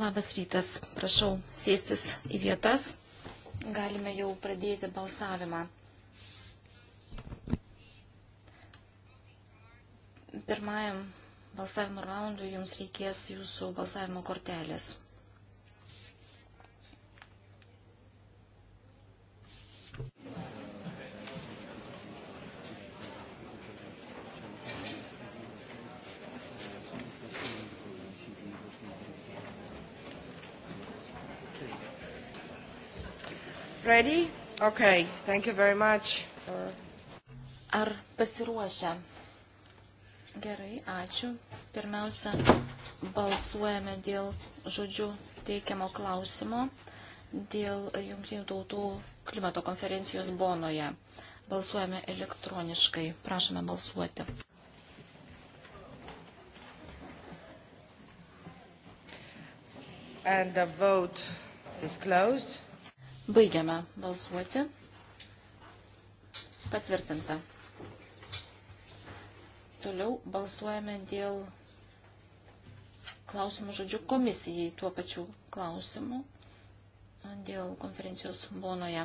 Labas rytas, prašau sėstis į vietas. Galime jau pradėti balsavimą. Pirmajam balsavimo raundui jums reikės jūsų balsavimo kortelės. Ready? Okay, thank you very much. For... Ar pasiruošę? Gerai, ačiū. Pirmiausia, balsuojame dėl žodžių teikiamo klausimo dėl Junktinių tautų klimato konferencijos Bonoje. Balsuojame elektroniškai. Prašome balsuoti. And the vote is closed. Baigiame balsuoti. Patvirtinta. Toliau balsuojame dėl klausimų žodžių komisijai tuo pačiu klausimu dėl konferencijos Bonoje.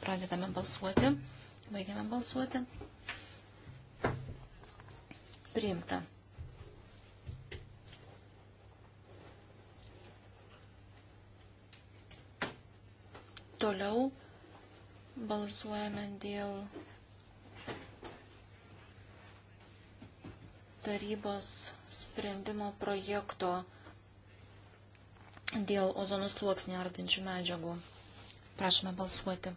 Pradedame balsuoti, baigiame balsuoti. Priimta. Toliau balsuojame dėl tarybos sprendimo projekto dėl ozonų sluoksnį ardančių medžiagų. Prašome balsuoti.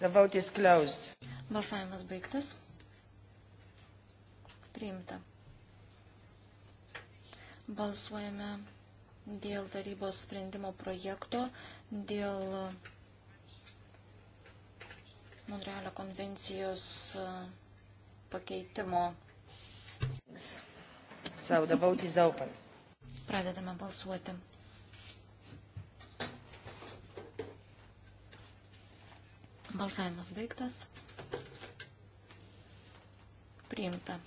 The vote is closed. Balsavimas baigtas. Priimta. Balsuojame dėl tarybos sprendimo projekto, dėl Monrealio konvencijos e, pakeitimo. So the vote is open. Pradedame balsuoti. Balsavimas baigtas. Priimta.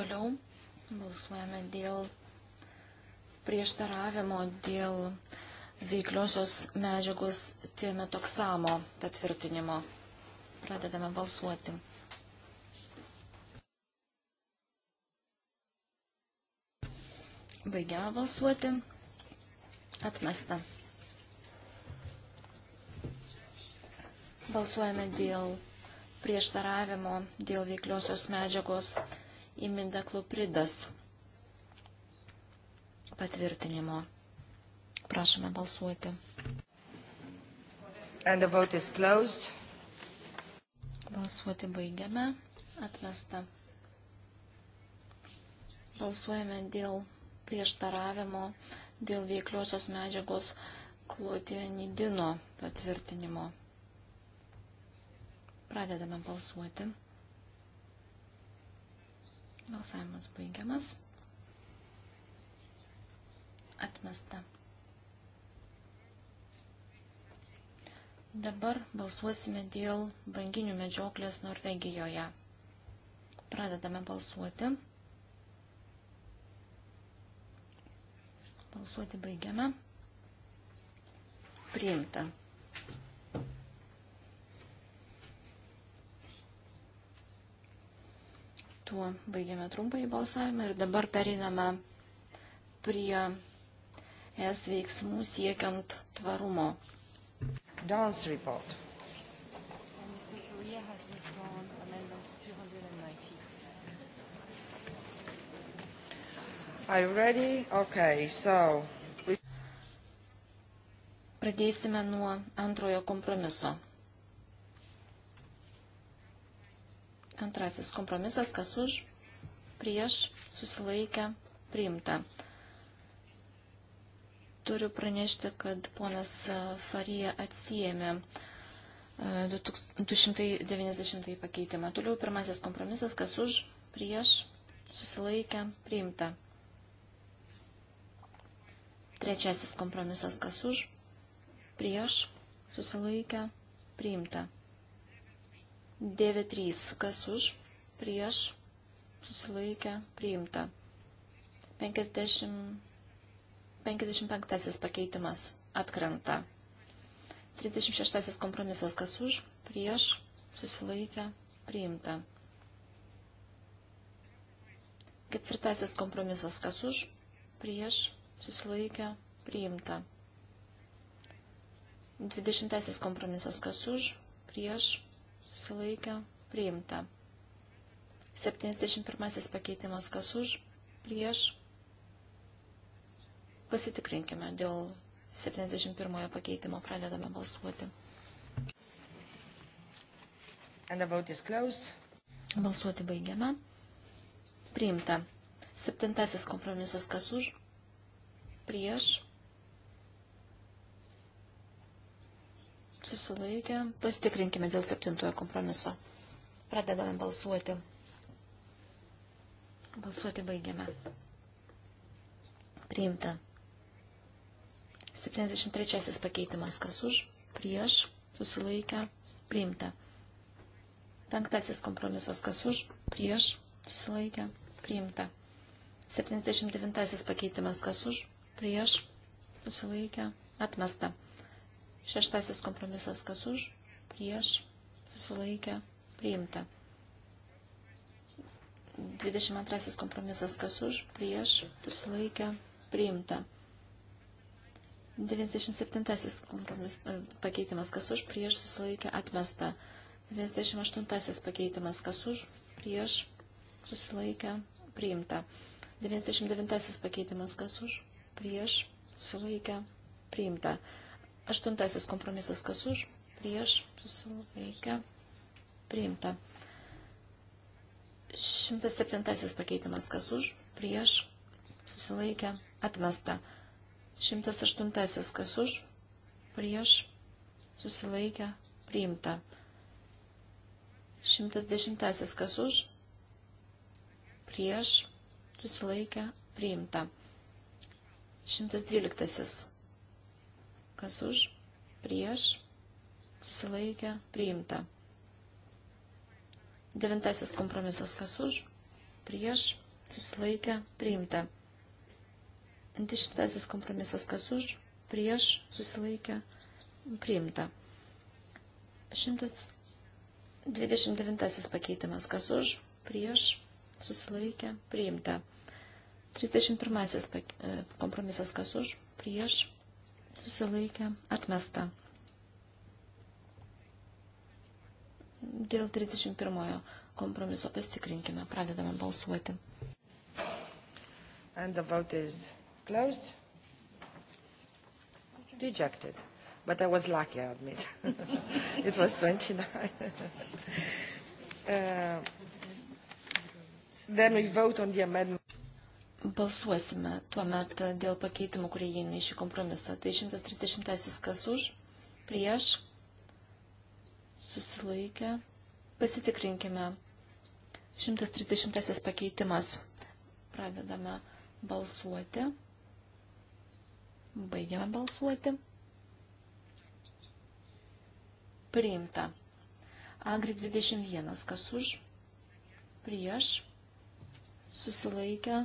Toliau Balsuojame dėl prieštaravimo dėl veikliosios medžiagos tiemetoksamo patvirtinimo. Pradedame balsuoti. Baigiame balsuoti. Atmesta. Balsuojame dėl prieštaravimo dėl veikliosios medžiagos tiemetoksamo imidaklopridas patvirtinimo. Prašome balsuoti. And the vote is closed. Balsuoti baigiame. Atmesta. Balsuojame dėl prieštaravimo, dėl veikliosios medžiagos klotienidino patvirtinimo. Pradedame balsuoti. Balsavimas baigiamas. Atmesta. Dabar balsuosime dėl banginių medžioklės Norvegijoje. Pradedame balsuoti. Balsuoti baigiame. Priimta. Tuo baigėme trumpai balsavimą ir dabar periname prie es veiksmų siekiant tvarumo. Dance report. Are you ready? Okay, so... Pradėsime nuo antrojo kompromiso. Antrasis kompromisas, kas už, prieš, susilaikę, priimta. Turiu pranešti, kad ponas Farija atsijėmė 290 pakeitimą. Toliau pirmasis kompromisas, kas už, prieš, susilaikę, priimta. Trečiasis kompromisas, kas už, prieš, susilaikę, priimta. 9.3. Kas už, prieš, susilaikę, priimta. 50, 55 pakeitimas atkrenta. 36 kompromisas. Kas už, prieš, susilaikę, priimta. Ketvirtasis kompromisas – kas už, prieš, susilaikę, priimta. Dvidešimtasis kompromisas – kas už, prieš, susilaikė, priimta. 71 pakeitimas kas už, prieš. Pasitikrinkime dėl 71 pakeitimo, pradedame balsuoti. And the vote is closed. Balsuoti baigiame. Priimta. Septintasis kompromisas kas už, prieš susilaikę. Pasitikrinkime dėl septintojo kompromiso. Pradedame balsuoti. Balsuoti baigiame. Priimta. 73 pakeitimas. Kas už? Prieš. Susilaikę. Priimta. Penktasis kompromisas, kas už, prieš, susilaikę, priimta. 79 pakeitimas, kas už, prieš, susilaikę, atmesta. Šeštasis kompromisas kas už, prieš, susilaikę, priimta. 22 kompromisas kas už, prieš, susilaikę, priimta. 97 kompromis, e, pakeitimas kas už, prieš, susilaikę, atmesta. 98 pakeitimas kas už, prieš, susilaikę, priimta. 99 pakeitimas kas už, prieš, susilaikę, priimta. Aštuntasis kompromisas kas už, prieš, susilaikę, priimta. 107 pakeitimas kas už, prieš, susilaikę, atmesta. 108 kas už, prieš, susilaikę, priimta. 110 kas už, prieš, susilaikę, priimta. 112 Kas už, prieš, susilaikė, priimta. Devintasis kompromisas. Kas už, prieš, susilaikė, priimta. Dešimtasis kompromisas. Kas už, prieš, susilaikė, priimta. Šimtas 29 pakeitimas. Kas už, prieš, susilaikė, priimta. 31 e, kompromisas. Kas už, prieš, susilaikė, atmesta. Dėl 31 kompromiso pasitikrinkime, pradedame balsuoti. And the vote is closed. Rejected. But I was lucky, I admit. it was 29. uh, then we vote on the amendment balsuosime tuomet dėl pakeitimų, kurie įeina į šį kompromisą. Tai 130 kas už, prieš, susilaikę. Pasitikrinkime. 130 pakeitimas. Pradedame balsuoti. Baigiame balsuoti. Priimta. Agri 21 kas už, prieš, susilaikę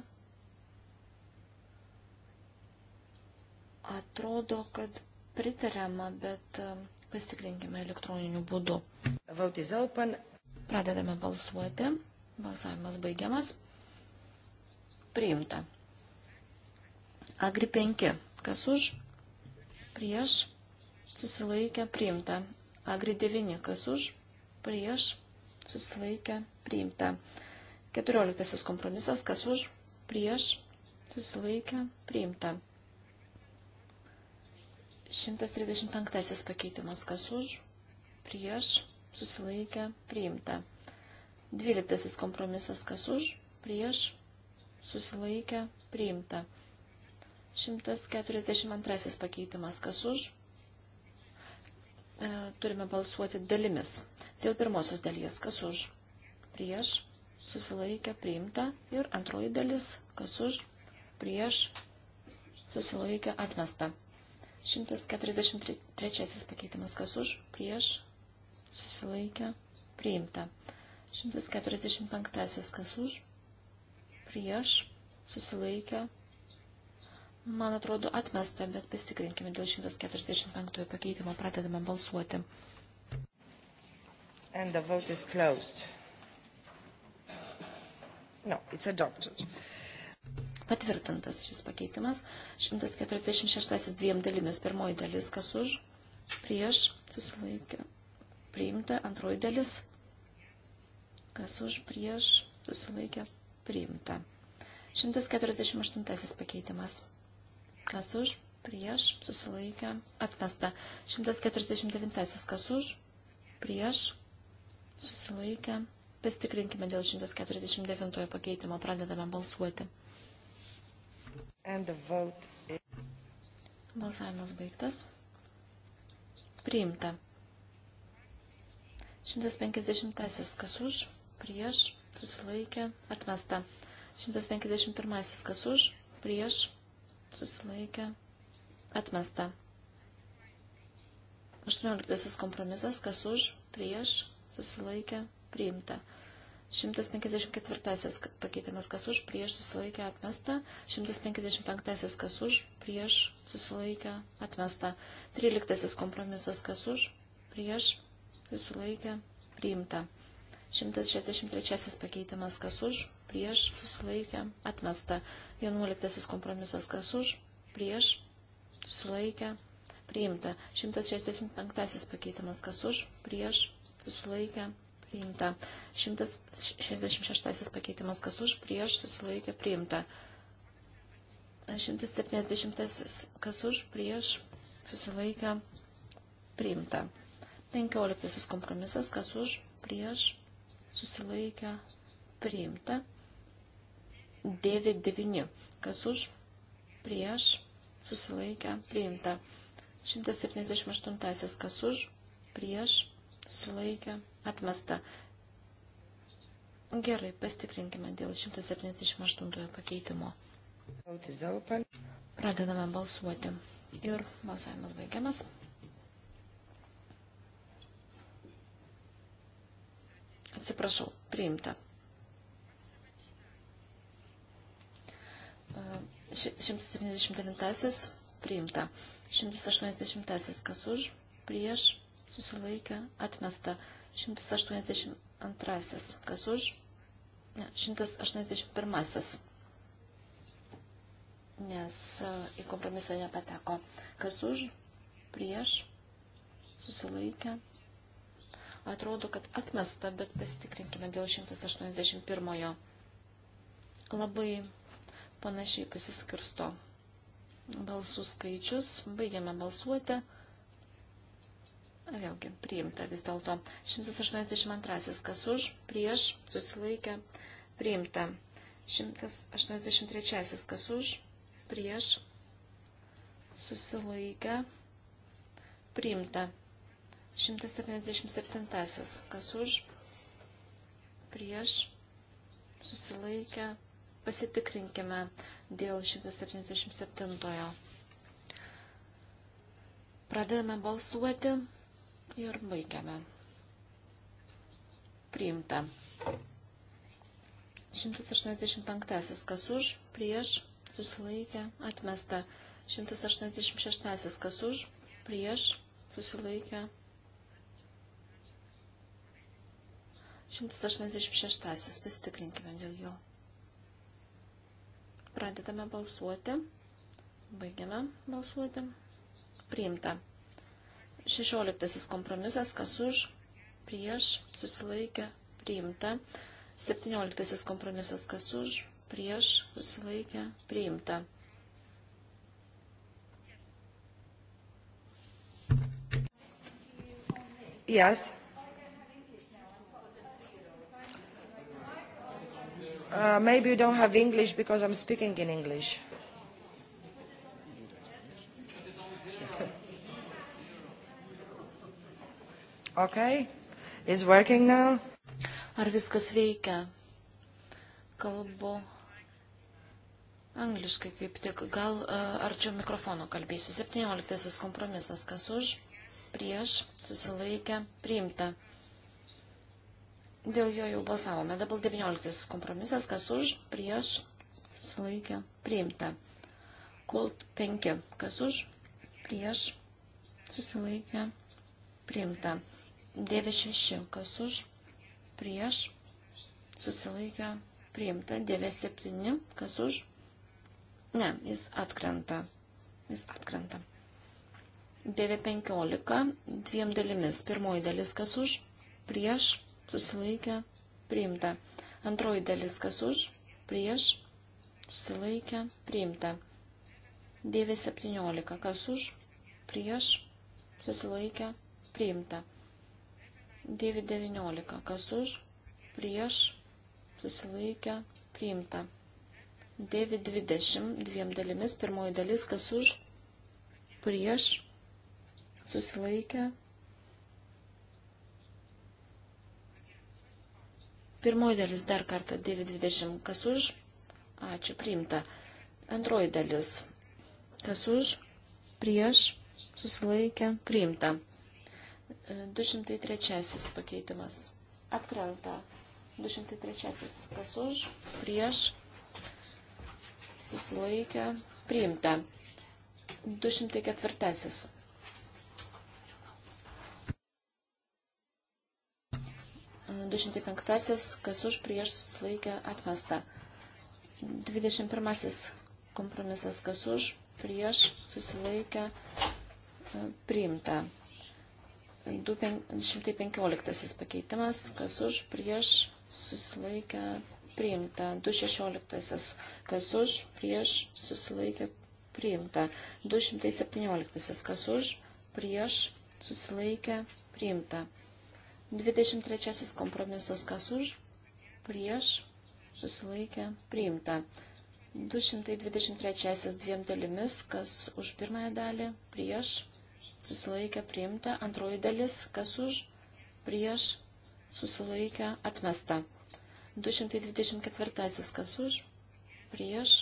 Atrodo, kad pritariama, bet um, pasitikrinkime elektroniniu būdu. Pradedame balsuoti. Balsavimas baigiamas. Priimta. Agri 5. Kas už? Prieš. Susilaikę. Priimta. Agri 9. Kas už? Prieš. Susilaikę. Priimta. 14. Kompromisas. Kas už? Prieš. Susilaikę. Priimta. 135 pakeitimas kas už, prieš, susilaikė, priimta. 12 kompromisas kas už, prieš, susilaikė, priimta. 142 pakeitimas kas už, e, turime balsuoti dalimis. Dėl pirmosios dalies kas už, prieš, susilaikė, priimta. Ir antroji dalis kas už, prieš, susilaikė, atmesta. 143 pakeitimas kas už, prieš, susilaikę, priimta. 145 kas už, prieš, susilaikę, man atrodo atmesta, bet pasitikrinkime dėl 145 pakeitimo, pradedame balsuoti. And the vote is closed. No, it's adopted. Patvirtintas šis pakeitimas. 146 dviem dalimis. Pirmoji dalis, kas už, prieš, susilaikė. Priimta. Antroji dalis, kas už, prieš, susilaikė. Priimta. 148 pakeitimas. Kas už, prieš, susilaikė. Atmesta. 149 kas už, prieš, susilaikė. Pasitikrinkime dėl 149 pakeitimo, pradedame balsuoti. Balsavimas baigtas. Priimta. 150. Kas už, prieš, susilaikė, atmesta. 151. Kas už, prieš, susilaikė, atmesta. 18. Kompromisas. Kas už, prieš, susilaikė, priimta. 154 pakeitimas kas už, prieš susilaikę atmesta. 155 kas už, prieš susilaikę atmesta. 13 kompromisas kas už, prieš susilaikę priimta. 163 pakeitimas kas už, prieš susilaikę atmesta. 11 kompromisas kas už, prieš susilaikę priimta. 165 pakeitimas kas už, prieš susilaikę atmesta priimta. 166 pakeitimas, kas už, prieš, susilaikė, priimta. 170, kas už, prieš, susilaikė, priimta. 15 kompromisas, kas už, prieš, susilaikė, priimta. 99, kas už, prieš, susilaikė, priimta. 178, kas už, prieš, susilaikė, atmesta. Gerai, pastikrinkime dėl 178 pakeitimo. Pradedame balsuoti. Ir balsavimas baigiamas. Atsiprašau, priimta. 179 e, priimta. 180 kas už, prieš, susilaikė, atmesta. 182. Kas už? Ne, 181. Nes e, į kompromisą nepateko. Kas už? Prieš? Susilaikė. Atrodo, kad atmesta, bet pasitikrinkime dėl 181. Labai panašiai pasiskirsto balsų skaičius. Baigiame balsuoti. Vėlgi, priimta vis dėlto. 182. Kas už, prieš, susilaikė, priimta. 183. Kas už, prieš, susilaikė, priimta. 177. Kas už, prieš, susilaikė, pasitikrinkime dėl 177. Pradedame balsuoti. Ir baigiame. Priimta. 185. Kas už, prieš, susilaikė, atmesta. 186. Kas už, prieš, susilaikė. 186. Pasitikrinkime dėl jo. Pradedame balsuoti. Baigiame balsuoti. Priimta. 16 kompromisas, kas už, prieš, susilaikė, priimta. 17 kompromisas, kas už, prieš, susilaikė, priimta. Yes. Uh, maybe you don't have English because I'm speaking in English. Okay. Is working now? Ar viskas veikia? Kalbu angliškai kaip tik. Gal uh, arčiau mikrofono kalbėsiu. 17 kompromisas. Kas už? Prieš. Susilaikę. Priimta. Dėl jo jau balsavome. Dabar 19 kompromisas. Kas už? Prieš. Susilaikę. Priimta. Kult 5. Kas už? Prieš. Susilaikę. Priimta. 96, kas už, prieš, susilaikę, priimta, 97, kas už, ne, jis atkrenta, jis atkrenta. 9.15, dviem dalimis, pirmoji dalis, kas už, prieš, susilaikę, priimta, antroji dalis, kas už, prieš, susilaikę, priimta. 9.17, kas už, prieš, susilaikę, priimta. 9.19. Kas už, prieš, susilaikę, priimta. 9.20. Dviem dalimis. Pirmoji dalis, kas už, prieš, susilaikę. Pirmoji dalis dar kartą 9.20. Kas už, ačiū, priimta. Antroji dalis, kas už, prieš, susilaikę, priimta. 203 pakeitimas. Atkrenta. 203. Kas už, prieš, susilaikę, priimta. 204. Du šimtai penktasis, kas už prieš susilaikę atmesta. Dvidešimt pirmasis kompromisas, kas už prieš susilaikę priimta. 215 pakeitimas, kas už, prieš, susilaikę, priimta. 216, kas už, prieš, susilaikę, priimta. 217, kas už, prieš, susilaikę, priimta. 23 kompromisas, kas už, prieš, susilaikę, priimta. 223 dviem dalimis, kas už pirmąją dalį, prieš, susilaikė priimta, antroji dalis, kas už, prieš, susilaikė atmesta. 224, kas už, prieš,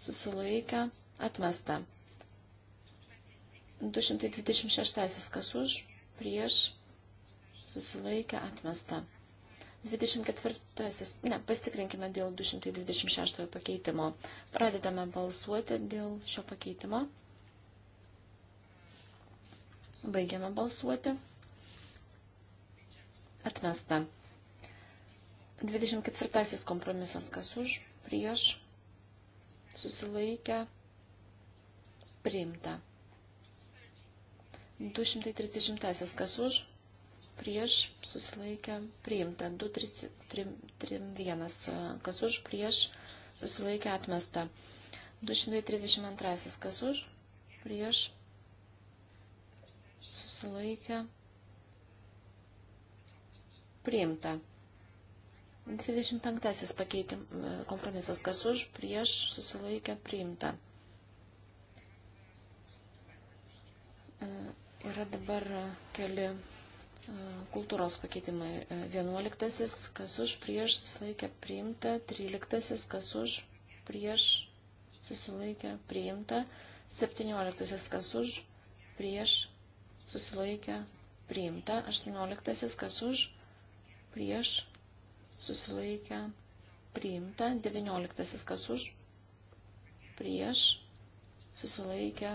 susilaikė atmesta. 226, kas už, prieš, susilaikė atmesta. 24, ne, pasitikrinkime dėl 226 pakeitimo. Pradedame balsuoti dėl šio pakeitimo. Baigiame balsuoti. Atmesta. 24 kompromisas kas už, prieš, susilaikę, priimta. 230 kas už, prieš, susilaikę, priimta. 231 kas už, prieš, susilaikę, atmesta. 232 kas už, prieš, susilaikę, priimta. 25 pakeitim, kompromisas, kas už, prieš, susilaikę, priimta. E, yra dabar keli e, kultūros pakeitimai. 11, e, kas už, prieš, susilaikę, priimta. 13, kas už, prieš, susilaikę, priimta. 17, kas už, prieš, susilaikė priimta, 18 kas už, prieš susilaikė priimta, 19 kas už, prieš susilaikė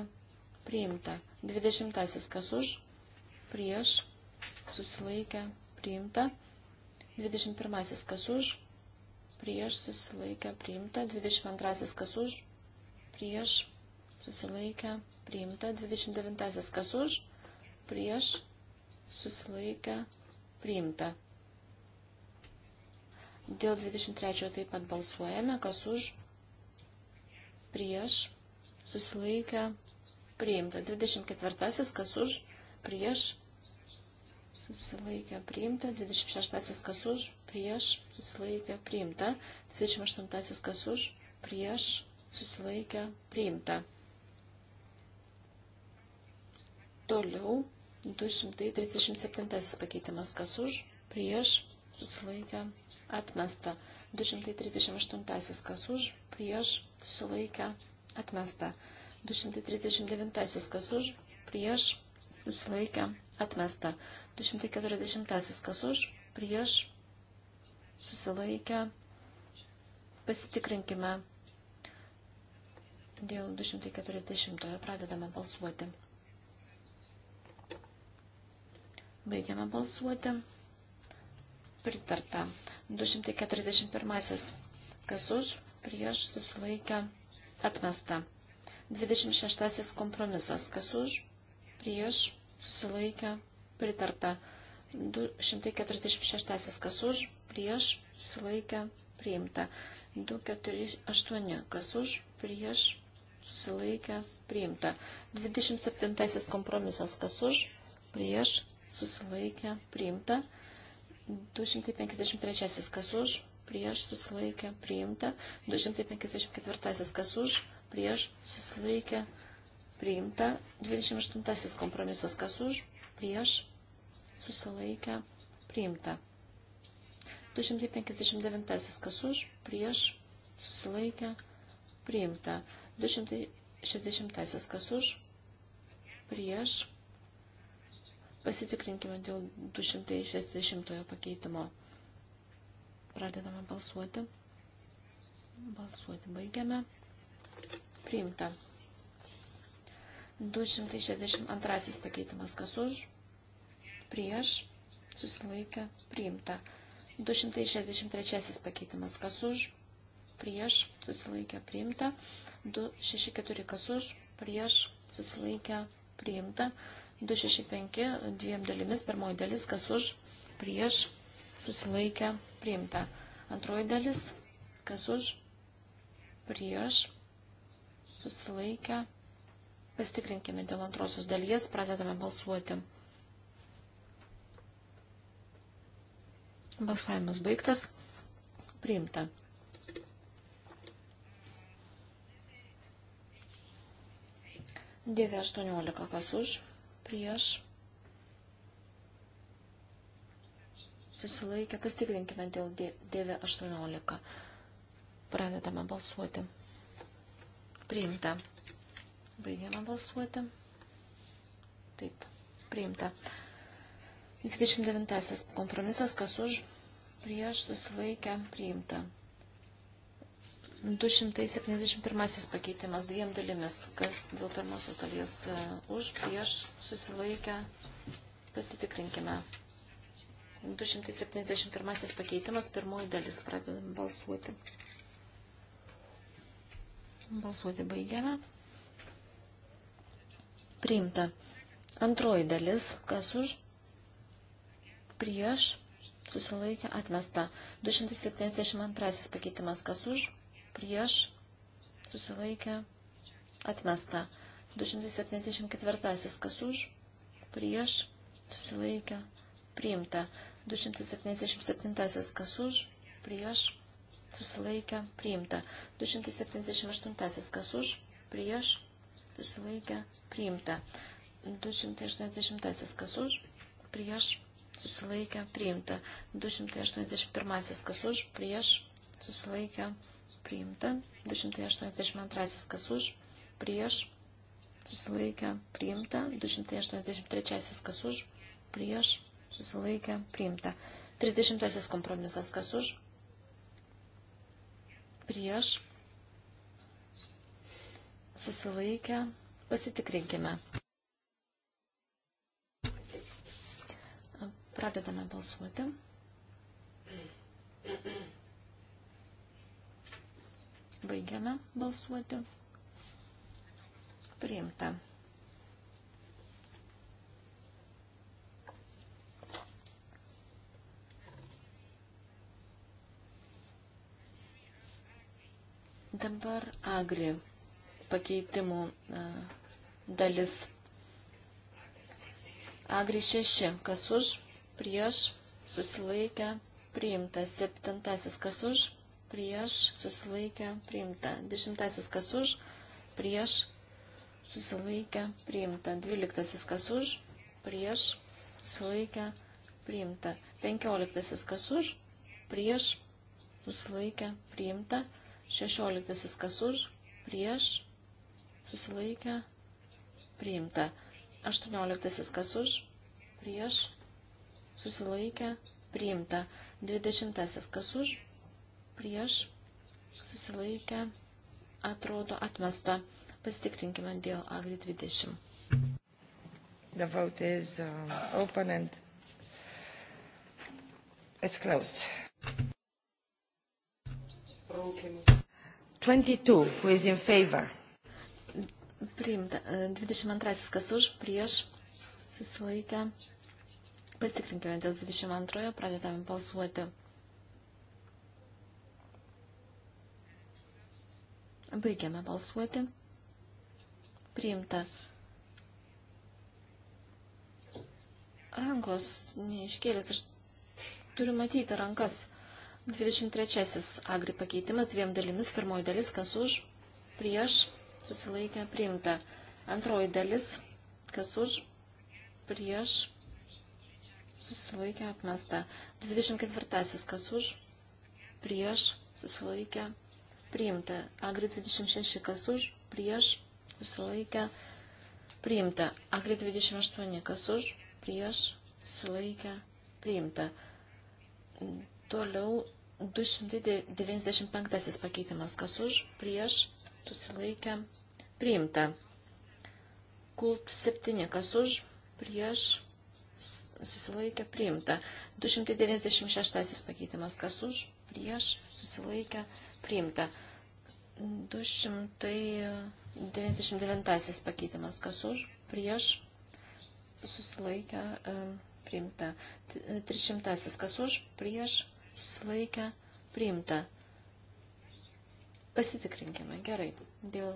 priimta, 20 kas už, prieš susilaikė priimta, 21 kas už, prieš susilaikę priimta, 22 kas už, prieš susilaikę priimta, 29 kas už, prieš susilaikę priimta. Dėl 23 taip pat balsuojame, kas už prieš susilaikę priimta. 24 kas už prieš susilaikę priimta. 26 kas už prieš susilaikę priimta. 28 kas už prieš susilaikę priimta. Toliau 237 pakeitimas kas už, prieš, susilaikę, atmesta. 238 kas už, prieš, susilaikę, atmesta. 239 kas už, prieš, susilaikę, atmesta. 240 kas už, prieš, susilaikę, pasitikrinkime dėl 240 pradedame balsuoti. Baigiame balsuoti. Pritarta. 241. Kas už, prieš, susilaikę, atmesta. 26. Kompromisas. Kas už, prieš, susilaikę, pritarta. 246. Kas už, prieš, susilaikę, priimta. 248. Kas už, prieš, susilaikę, priimta. 27. Kompromisas. Kas už, prieš, susilaikė, priimta. 253 kas už, prieš susilaikė, priimta. 254 kas už, prieš susilaikė, priimta. 28 kompromisas kas už, prieš susilaikė, priimta. 259 kas už, prieš susilaikė, priimta. 260 kas už, prieš Pasitikrinkime dėl 260 pakeitimo. Pradedame balsuoti. Balsuoti baigiame. Priimta. 262 pakeitimas kas už, prieš, susilaikė, priimta. 263 pakeitimas kas už, prieš, susilaikė, priimta. 264 kas už, prieš, susilaikė, priimta. 265 dviem dalimis. Pirmoji dalis, kas už, prieš, susilaikę, priimta. Antroji dalis, kas už, prieš, susilaikę. Pastikrinkime dėl antrosios dalies, pradedame balsuoti. Balsavimas baigtas. Priimta. Dėvė 18 kas už prieš susilaikę. Pastikrinkime dėl 9.18. Pradedame balsuoti. Priimta. Baigiame balsuoti. Taip, priimta. 29. Kompromisas, kas už, prieš, susilaikę, priimta. 271 pakeitimas dviem dalimis, kas dėl pirmosios dalies e, už, prieš, susilaikę, pasitikrinkime. 271 pakeitimas, pirmoji dalis, pradedam balsuoti. Balsuoti baigiame. Priimta. Antroji dalis, kas už, prieš, susilaikę, atmesta. 272 pakeitimas, kas už, prieš prieš, susilaikė, atmesta. 274 kas už, prieš, susilaikė, priimta. 277 kas už, prieš, susilaikė, priimta. 278 kas už, prieš, susilaikė, priimta. 280 kas už, prieš, susilaikė, priimta. 281 kas už, prieš, susilaikė, priimta priimta. 282 kas už, prieš, susilaikę, priimta. 283 kas už, prieš, susilaikę, priimta. 30 kompromisas kas už, prieš, susilaikę, pasitikrinkime. Pradedame balsuoti. Thank you. Baigiame balsuoti. Priimta. Dabar agri pakeitimų dalis. Agri 6. Kas už, prieš, susilaikę, priimta. Septintasis. Kas už, prieš susilaikę priimta. Dešimtasis kas už, prieš susilaikę priimta. Dvyliktasis kas už, prieš susilaikę priimta. Penkioliktasis kas už, prieš susilaikę priimta. Šešioliktasis kas už, prieš susilaikę priimta. Aštuonioliktasis kas už, prieš susilaikę priimta. Dvidešimtasis kas už, prieš, susilaikę, atrodo atmesta. Pasitikrinkime dėl Agri 20. The vote is uh, open and it's closed. 22, who is in favor? Priimta. 22, e, kas už, prieš, susilaikę. Pasitikrinkime dėl 22, pradedame balsuoti. Baigiame balsuoti. Priimta. Rankos neiškėlėt, tai aš turiu matyti rankas. 23. Agri pakeitimas dviem dalimis. Pirmoji dalis, kas už, prieš, susilaikė, priimta. Antroji dalis, kas už, prieš, susilaikė, atmesta. 24. Kas už, prieš, susilaikė, priimta. Agri 26, kas už, prieš, susilaikę, priimta. Agri 28, kas už, prieš, susilaikę, priimta. Toliau 295 pakeitimas, kas už, prieš, susilaikę, priimta. Kult 7, kas už, prieš, susilaikę, priimta. 296 pakeitimas, kas už, prieš, susilaikę, priimta priimta. 299 pakeitimas, kas už, prieš, susilaikę, e, priimta. 300 e, kas už, prieš, susilaikę, priimta. Pasitikrinkime, gerai, dėl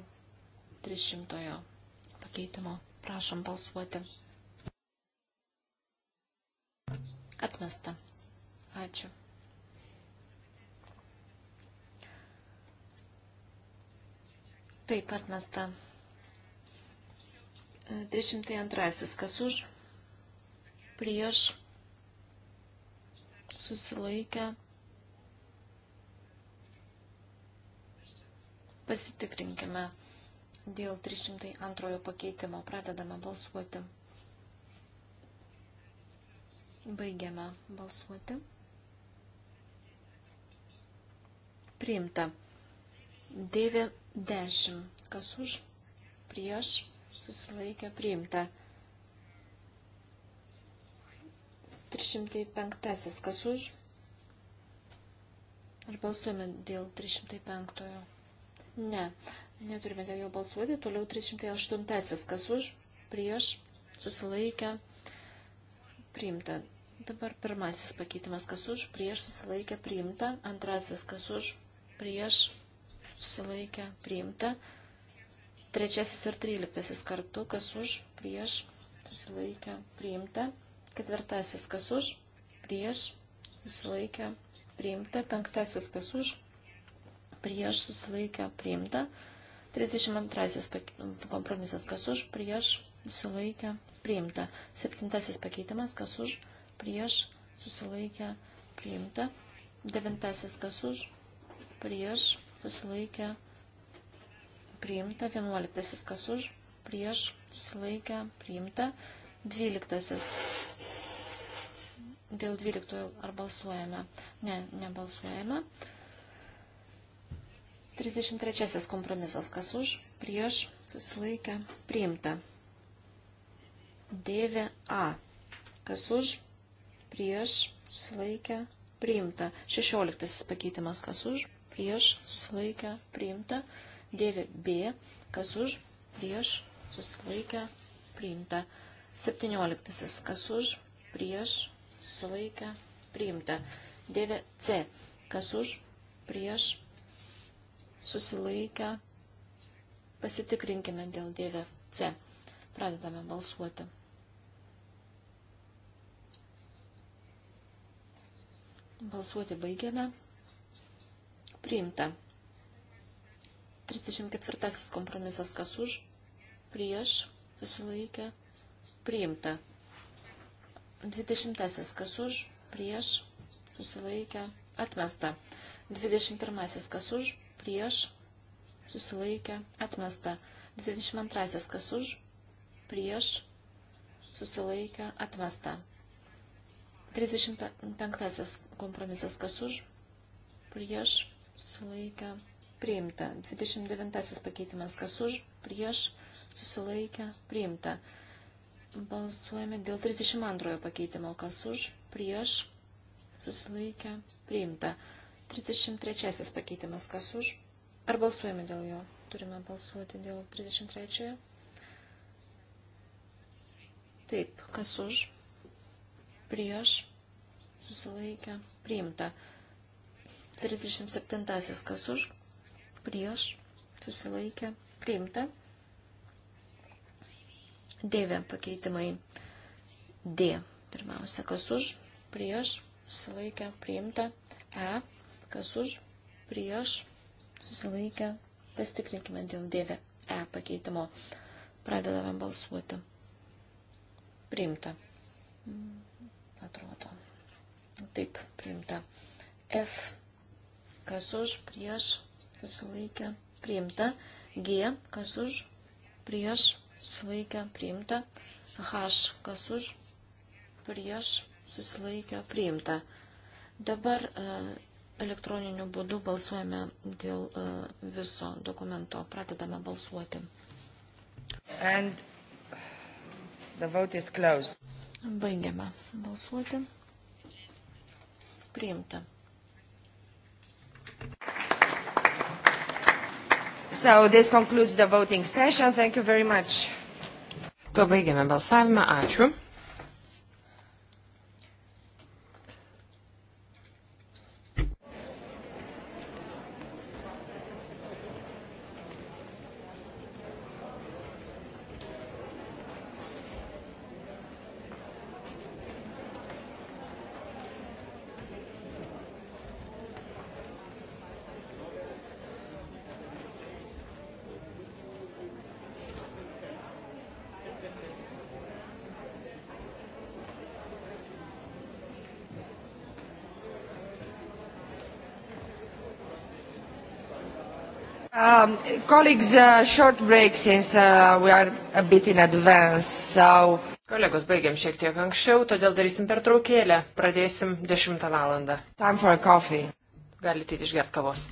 300 pakeitimo. Prašom balsuoti. Atmesta. Ačiū. Taip atmesta. 302. Kas už? Prieš. Susilaikę. Pasitikrinkime dėl 302 pakeitimo. Pradedame balsuoti. Baigiame balsuoti. Priimta. 9 10. Kas už, prieš, susilaikė priimta. 305. Kas už? Ar balsuojame dėl 305? Ne, neturime dėl balsuoti. Toliau 308. Kas už? Prieš, susilaikę, priimta. Dabar pirmasis pakeitimas, kas už, prieš, susilaikę, priimta. Antrasis, kas už, prieš, susilaikę, priimta. Trečiasis ir tryliktasis kartu, kas už, prieš, susilaikę, priimta. Ketvirtasis, kas už, prieš, susilaikę, priimta. Penktasis, kas už, prieš, susilaikę, priimta. 32 kompromisas, kas už, prieš, susilaikę, priimta. Septintasis pakeitimas, kas už, prieš, susilaikę, priimta. Devintasis, kas už, prieš, susilaikė priimta, 11 kas už, prieš susilaikė priimta, 12 dėl 12 ar balsuojame? Ne, nebalsuojame. 33 kompromisas. Kas už? Prieš susilaikę. Priimta. DVA. Kas už? Prieš susilaikę. Priimta. 16 pakeitimas. Kas už? prieš, susilaikę, priimta. 9b, kas už, prieš, susilaikę, priimta. 17, kas už, prieš, susilaikę, priimta. 9c, kas už, prieš, susilaikę, pasitikrinkime dėl 9c. Pradedame balsuoti. Balsuoti baigiame priimta. 34 kompromisas kas už, prieš, susilaikė, priimta. 20 kas už, prieš, susilaikė, atmesta. 21 kas už, prieš, susilaikė, atmesta. 22 kas už, prieš, susilaikė, atmesta. 35 kompromisas kas už, prieš, susilaikę, priimta. 29 pakeitimas, kas už, prieš, susilaikę, priimta. Balsuojame dėl 32 pakeitimo, kas už, prieš, susilaikę, priimta. 33 pakeitimas, kas už, ar balsuojame dėl jo, turime balsuoti dėl 33. Taip, kas už, prieš, susilaikę, priimta. 37. Kas už? Prieš. Susilaikė. Priimta. 9. Pakeitimai. D. Pirmiausia, kas už? Prieš. Susilaikė. Priimta. E. Kas už? Prieš. Susilaikė. Pastikrinkime dėl dėvė E pakeitimo. Pradedame balsuoti. Priimta. Mm, atrodo. Taip, priimta. F kas už, prieš, susilaikė, priimta. G, kas už, prieš, susilaikė, priimta. H, kas už, prieš, susilaikė, priimta. Dabar e, elektroniniu būdu balsuojame dėl e, viso dokumento. Pradedame balsuoti. And the vote is closed. Baigiame balsuoti. Priimta. So this concludes the voting session. Thank you very much. Tuo baigiame balsavimą. Ačiū. Um, colleagues, uh, short break since uh, we are a bit in advance. So... Kolegos, baigiam šiek tiek anksčiau, todėl darysim pertraukėlę. Pradėsim 10 valandą. Time for a coffee. Galite išgerti kavos.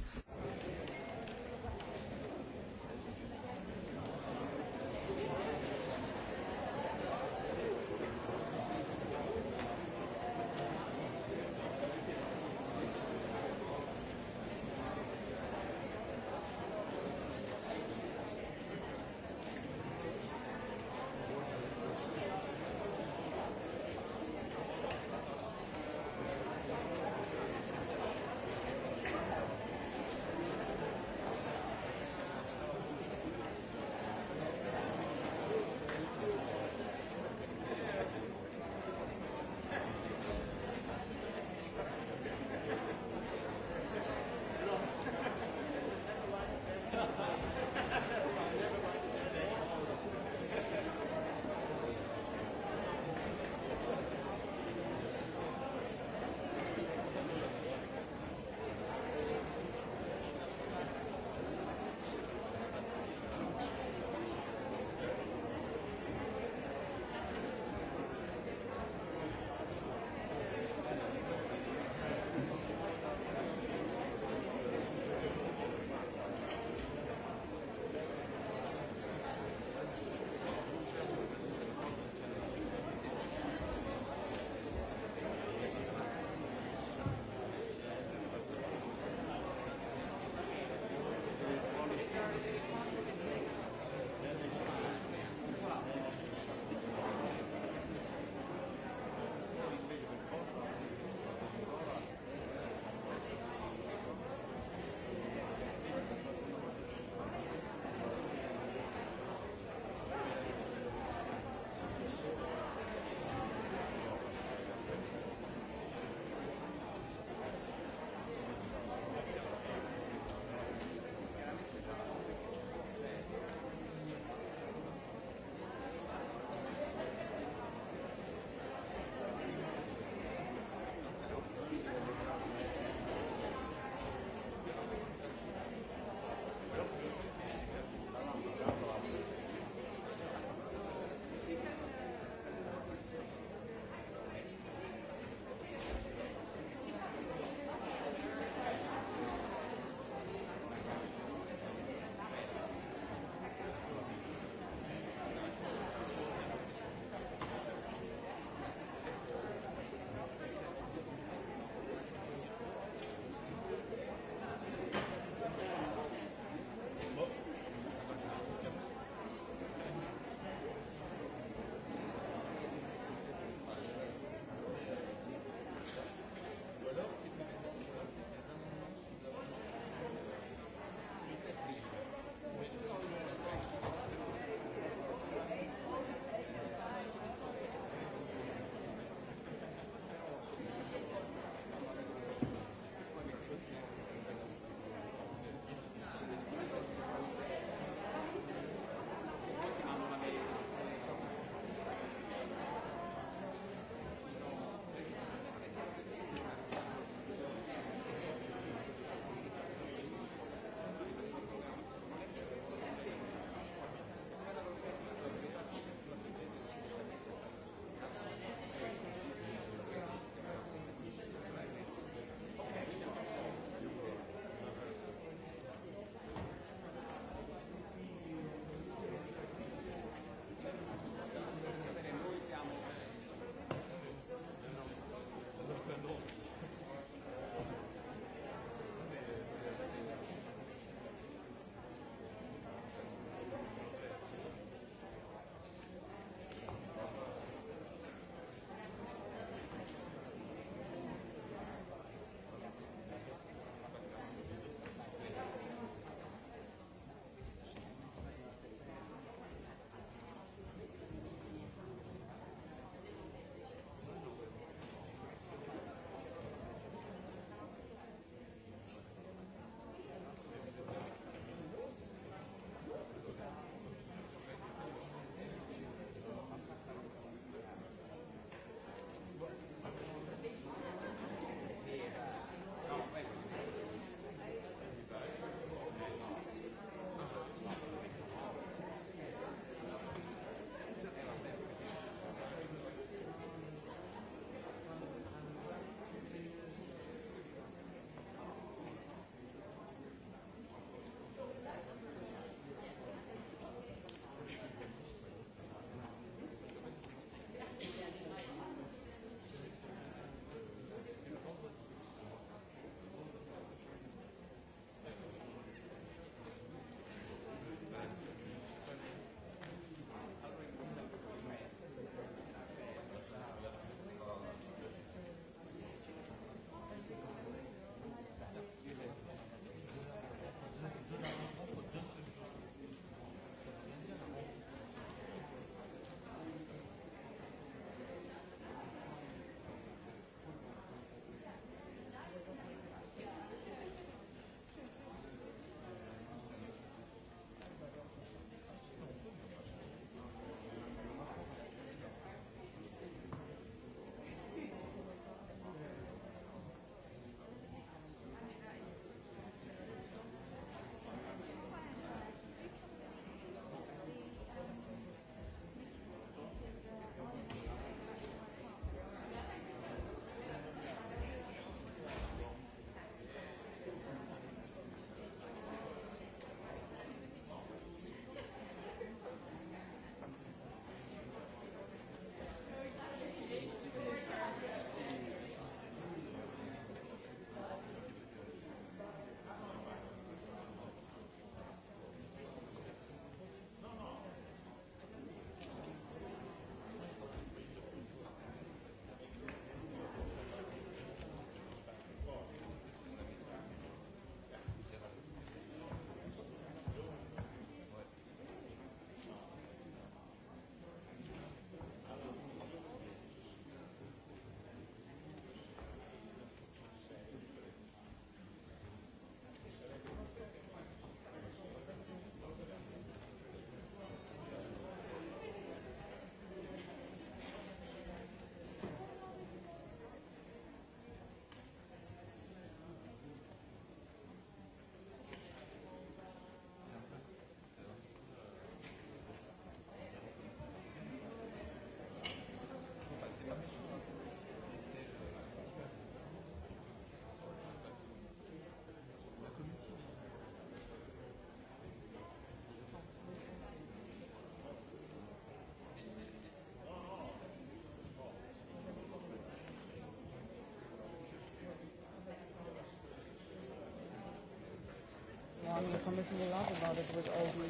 committee will laugh about it with all the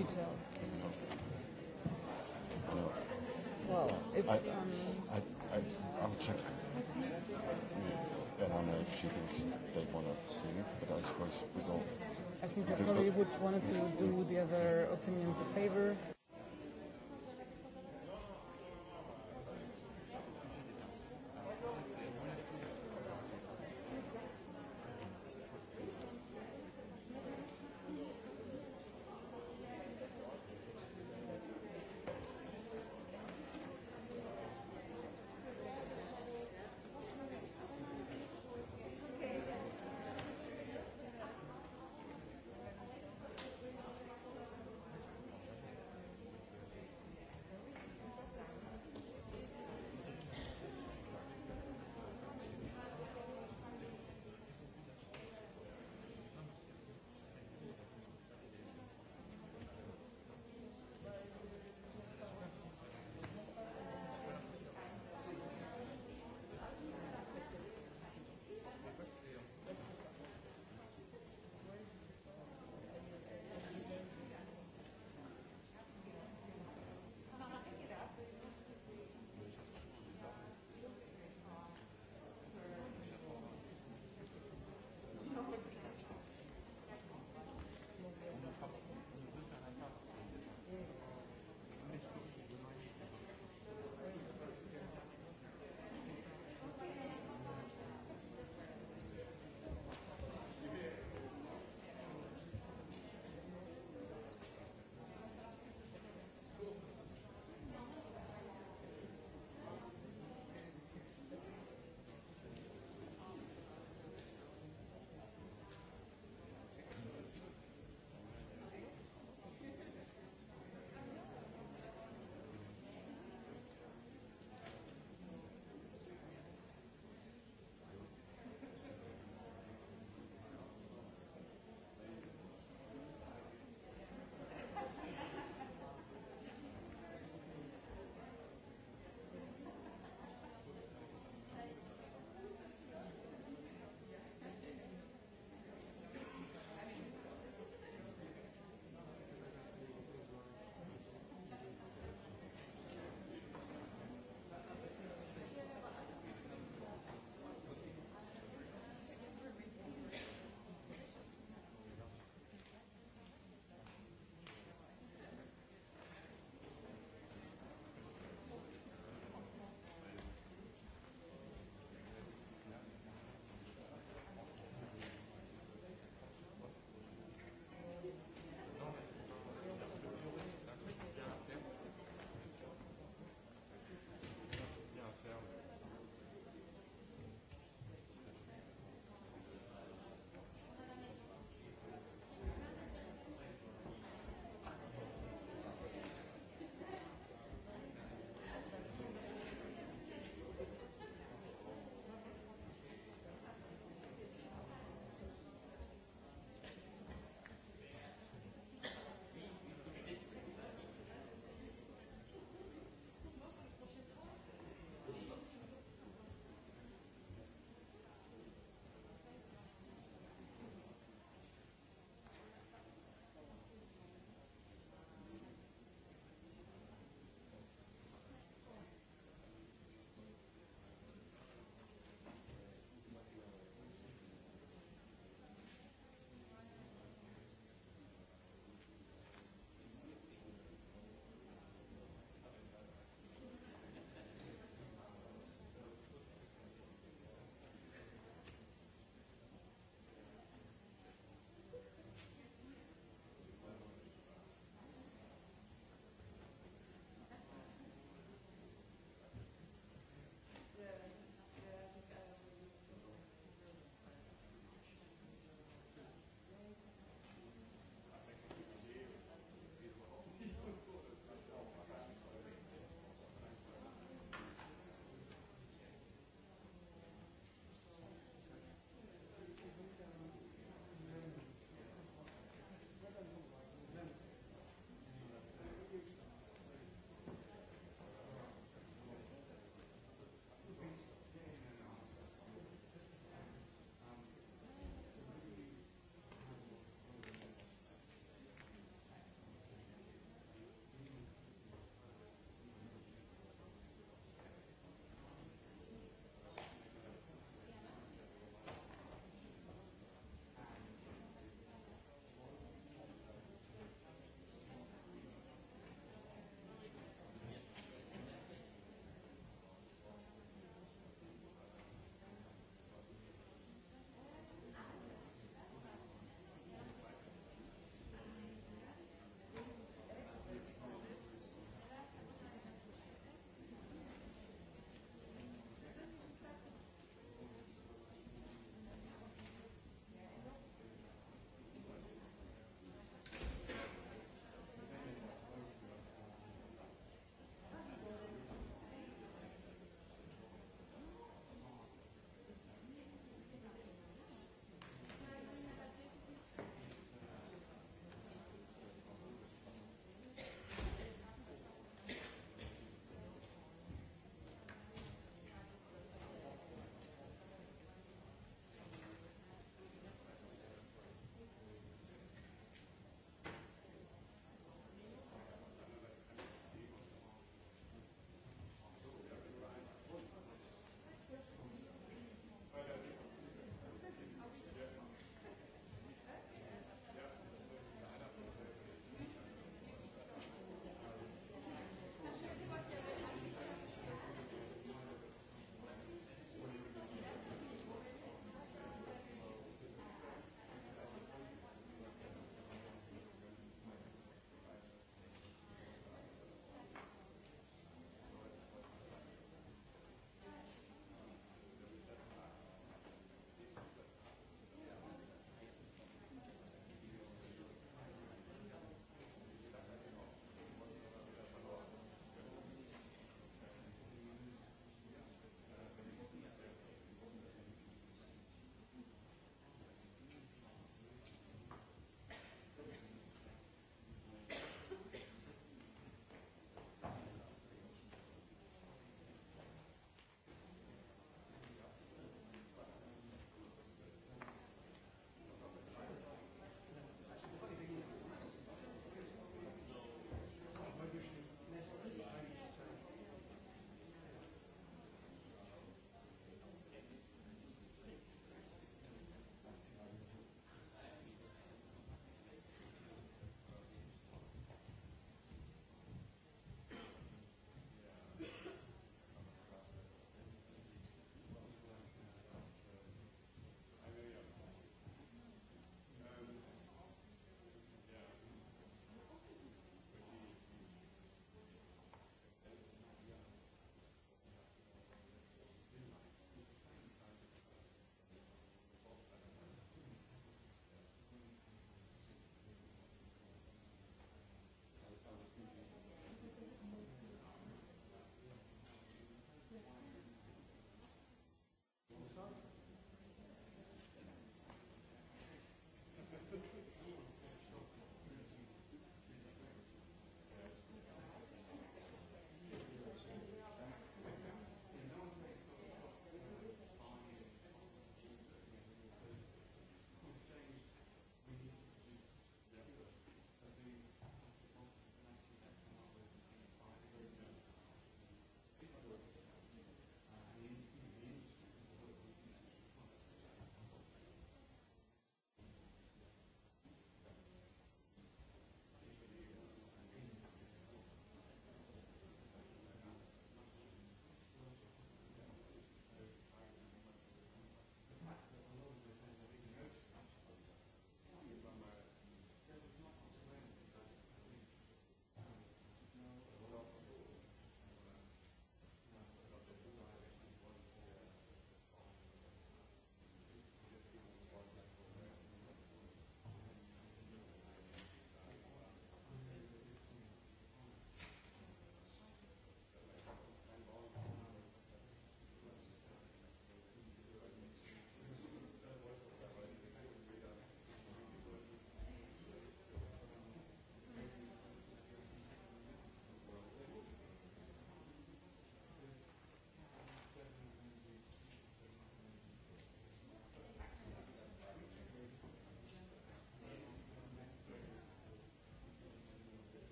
details. No. No. Well, if I, um, I, I, I'll check. With Elena if she thinks they want to see it, but I suppose we don't. I think we probably would want to do the other opinions a favor.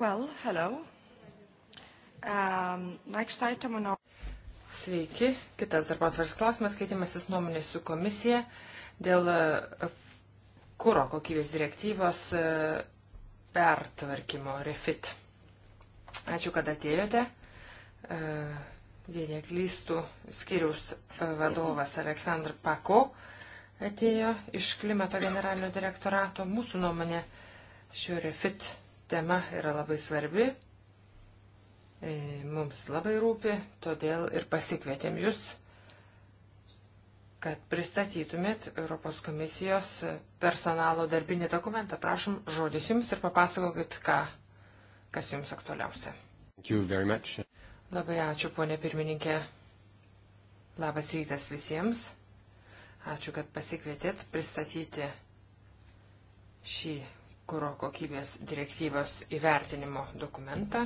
Well, hello. Um, next item on our... Sveiki. Kitas darbo atvaršas klausimas, keitimasis nuomonės su komisija dėl e, kūro kokybės direktyvos e, pertvarkymo refit. Ačiū, kad atėjote. E, jei neklystų, skiriaus vadovas Aleksandr Pako atėjo iš klimato generalinio direktorato. Mūsų nuomonė šio refit tema yra labai svarbi, e, mums labai rūpi, todėl ir pasikvietėm jūs, kad pristatytumėt Europos komisijos personalo darbinį dokumentą. Prašom žodis jums ir papasakokit, ką, kas jums aktualiausia. Labai ačiū, ponė pirmininkė. Labas rytas visiems. Ačiū, kad pasikvietėt pristatyti šį kuro kokybės direktyvos įvertinimo dokumentą.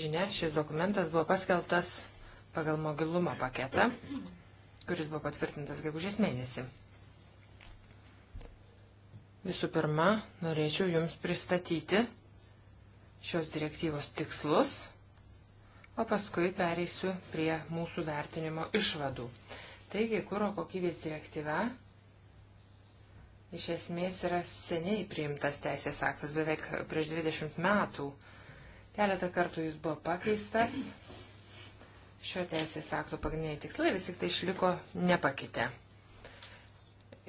Žinia, šis dokumentas buvo paskelbtas pagal mobilumo paketą, kuris buvo patvirtintas gegužės mėnesį. Visų pirma, norėčiau Jums pristatyti šios direktyvos tikslus, o paskui pereisiu prie mūsų vertinimo išvadų. Taigi, kūro kokybės direktyva iš esmės yra seniai priimtas teisės aktas, beveik prieš 20 metų. Keletą kartų jis buvo pakeistas. Šio teisės akto pagrindiniai tikslai vis tik tai išliko nepakitę.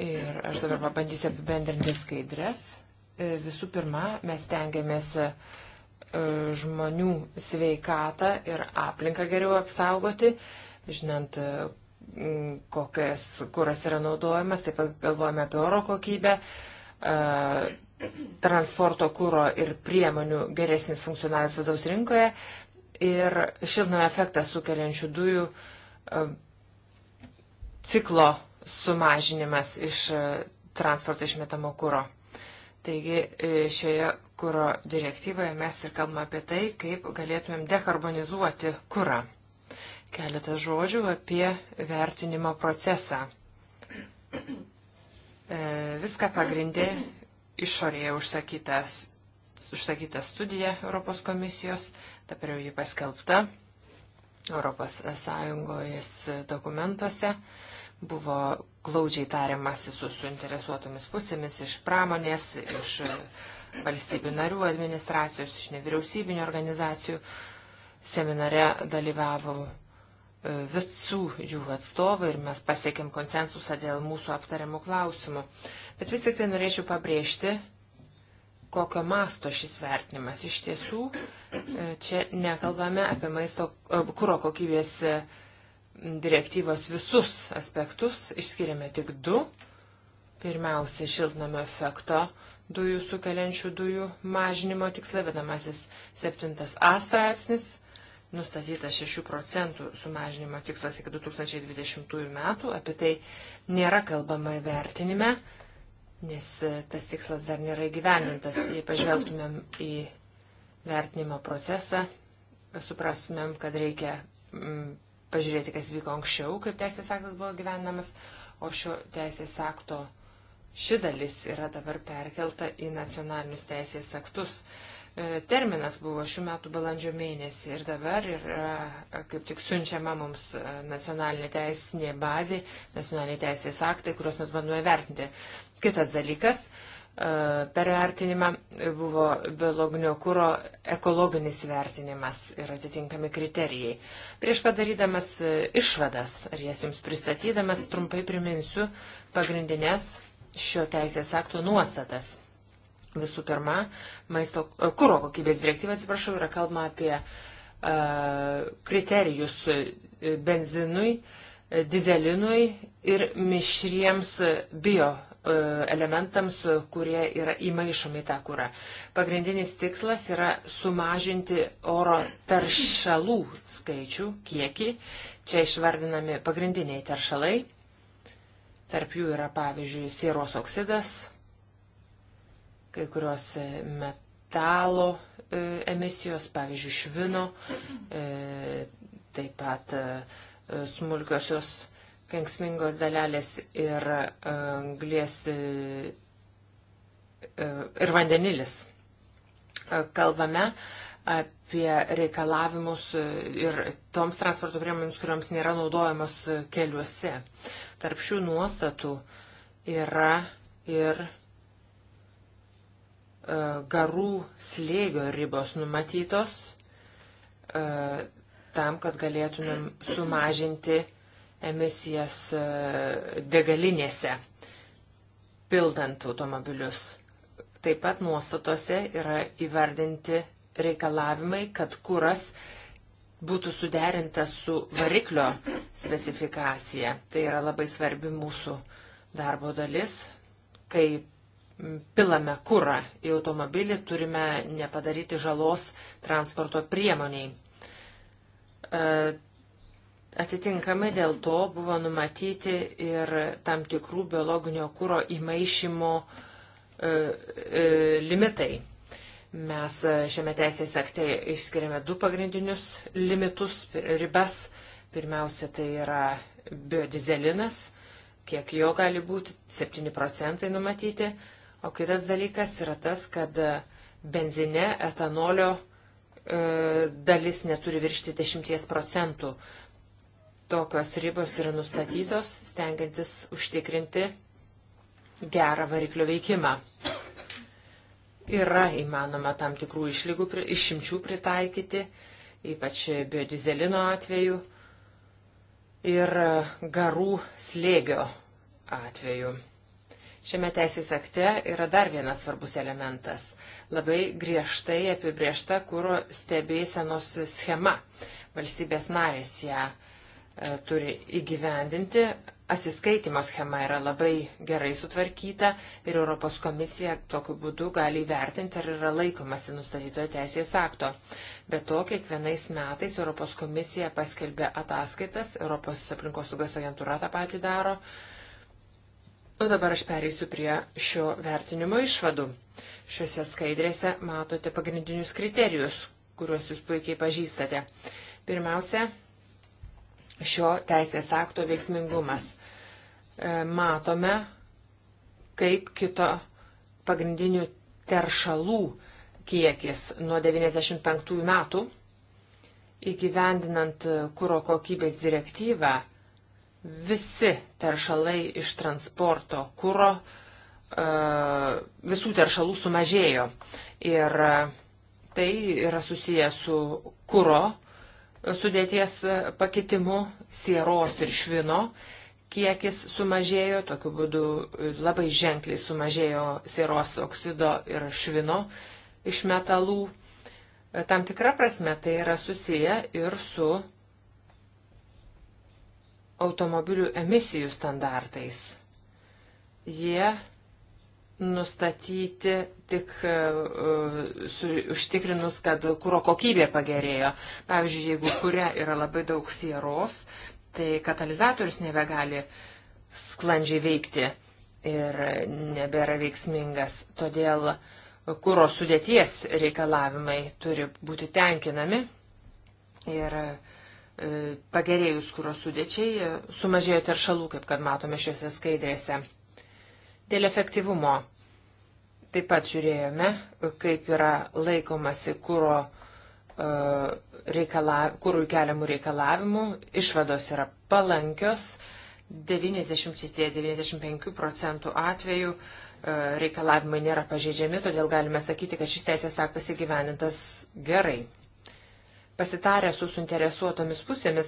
Ir aš dabar pabandysiu apibendrinti skaidrės. E, visų pirma, mes tengiamės e, žmonių sveikatą ir aplinką geriau apsaugoti, žinant, Mm, kokias kuras yra naudojamas, taip pat galvojame apie oro kokybę, e, transporto kūro ir priemonių geresnis funkcionavimas vidaus rinkoje ir šiltnamio efektą sukeliančių dujų e, ciklo sumažinimas iš e, transporto išmetamo kūro. Taigi šioje kūro direktyvoje mes ir kalbame apie tai, kaip galėtumėm dekarbonizuoti kūrą. Keletas žodžių apie vertinimo procesą. E, viską pagrindė išorėje užsakytas, užsakyta studija Europos komisijos, dabar jau jį paskelbta Europos Sąjungos dokumentuose buvo glaudžiai tariamasi su suinteresuotomis pusėmis iš pramonės, iš valstybių narių administracijos, iš nevyriausybinio organizacijų. Seminare dalyvavo visų jų atstovai ir mes pasiekėm konsensusą dėl mūsų aptariamų klausimų. Bet vis tik tai norėčiau pabrėžti, kokio masto šis vertinimas. Iš tiesų, e, čia nekalbame apie maisto e, kūro kokybės e, direktyvos visus aspektus, išskiriame tik du. Pirmiausia, šiltnamio efekto dujų sukeliančių dujų mažinimo tikslai, vedamasis 7a straipsnis nustatytas 6 procentų sumažinimo tikslas iki 2020 metų. Apie tai nėra kalbama įvertinime, nes e, tas tikslas dar nėra įgyvenintas. Jei pažvelgtumėm į vertinimo procesą, suprastumėm, kad reikia m, pažiūrėti, kas vyko anksčiau, kaip teisės aktas buvo gyvenamas, o šio teisės akto ši dalis yra dabar perkelta į nacionalinius teisės aktus. E, terminas buvo šių metų balandžio mėnesį ir dabar yra e, kaip tik siunčiama mums e, nacionalinė teisinė bazė, nacionaliniai teisės aktai, kuriuos mes bandome vertinti. Kitas dalykas, per vertinimą buvo biologinio kūro ekologinis vertinimas ir atitinkami kriterijai. Prieš padarydamas išvadas ar jas jums pristatydamas, trumpai priminsiu pagrindinės šio teisės akto nuostatas. Visų pirma, maisto e, kūro kokybės direktyva, atsiprašau, yra kalbama apie uh, kriterijus e, benzinui, dizelinui ir mišriems bio elementams, kurie yra įmaišomi tą kūrą. Pagrindinis tikslas yra sumažinti oro taršalų skaičių, kiekį. Čia išvardinami pagrindiniai taršalai. Tarp jų yra pavyzdžiui sieros oksidas, kai kurios e, metalo e, emisijos, pavyzdžiui, švino, e, taip pat smulkiosios kenksmingos dalelės ir anglės ir vandenilis. Kalbame apie reikalavimus ir toms transporto priemonėms, kuriuoms nėra naudojamos keliuose. Tarp šių nuostatų yra ir E, garų slėgio ribos numatytos e, tam, kad galėtumėm sumažinti emisijas e, degalinėse, pildant automobilius. Taip pat nuostatose yra įvardinti reikalavimai, kad kuras būtų suderintas su variklio specifikacija. Tai yra labai svarbi mūsų darbo dalis, kaip pilame kurą į automobilį, turime nepadaryti žalos transporto priemoniai. E, atitinkamai dėl to buvo numatyti ir tam tikrų biologinio kūro įmaišymo e, e, limitai. Mes šiame teisės akte išskiriame du pagrindinius limitus, ribas. Pirmiausia, tai yra biodizelinas, kiek jo gali būti, 7 procentai numatyti O kitas dalykas yra tas, kad benzine etanolio e, dalis neturi viršti 10 procentų. Tokios ribos yra nustatytos, stengiantis užtikrinti gerą variklio veikimą yra įmanoma tam tikrų išlygų, išimčių pritaikyti, ypač biodizelino atveju ir garų slėgio atveju. Šiame teisės akte yra dar vienas svarbus elementas - labai griežtai apibriešta kūro stebėsenos schema. Valstybės narės ją e, turi įgyvendinti. Asiskaitimo schema yra labai gerai sutvarkyta ir Europos komisija tokiu būdu gali įvertinti, ar yra laikomasi nustatytojo teisės akto. Be to, kiekvienais metais Europos komisija paskelbė ataskaitas, Europos aplinkosaugos agentūra tą patį daro O dabar aš pereisiu prie šio vertinimo išvadų. Šiuose skaidrėse matote pagrindinius kriterijus, kuriuos jūs puikiai pažįstate. Pirmiausia, šio teisės akto veiksmingumas. E, matome, kaip kito pagrindinių teršalų kiekis nuo 95 metų įgyvendinant kūro kokybės direktyvą Visi teršalai iš transporto kūro, e, visų teršalų sumažėjo. Ir e, tai yra susiję su kūro e, sudėties pakitimu, sieros ir švino kiekis sumažėjo, tokiu būdu labai ženkliai sumažėjo sieros oksido ir švino iš metalų. Tam tikra prasme tai yra susiję ir su automobilių emisijų standartais. Jie nustatyti tik uh, su, užtikrinus, kad kūro kokybė pagerėjo. Pavyzdžiui, jeigu kūre yra labai daug sieros, tai katalizatorius nebegali sklandžiai veikti ir nebėra veiksmingas. Todėl kūro sudėties reikalavimai turi būti tenkinami ir uh, E, pagerėjus kūro sudėčiai e, sumažėjo teršalų, kaip kad matome šiuose skaidrėse. Dėl efektyvumo taip pat žiūrėjome, e, kaip yra laikomasi kūro kūrų keliamų reikalavimų. Išvados yra palankios. 90-95 procentų atvejų reikalavimai nėra pažeidžiami, todėl galime sakyti, kad šis teisės aktas įgyvenintas gerai. Pasitarę su suinteresuotomis pusėmis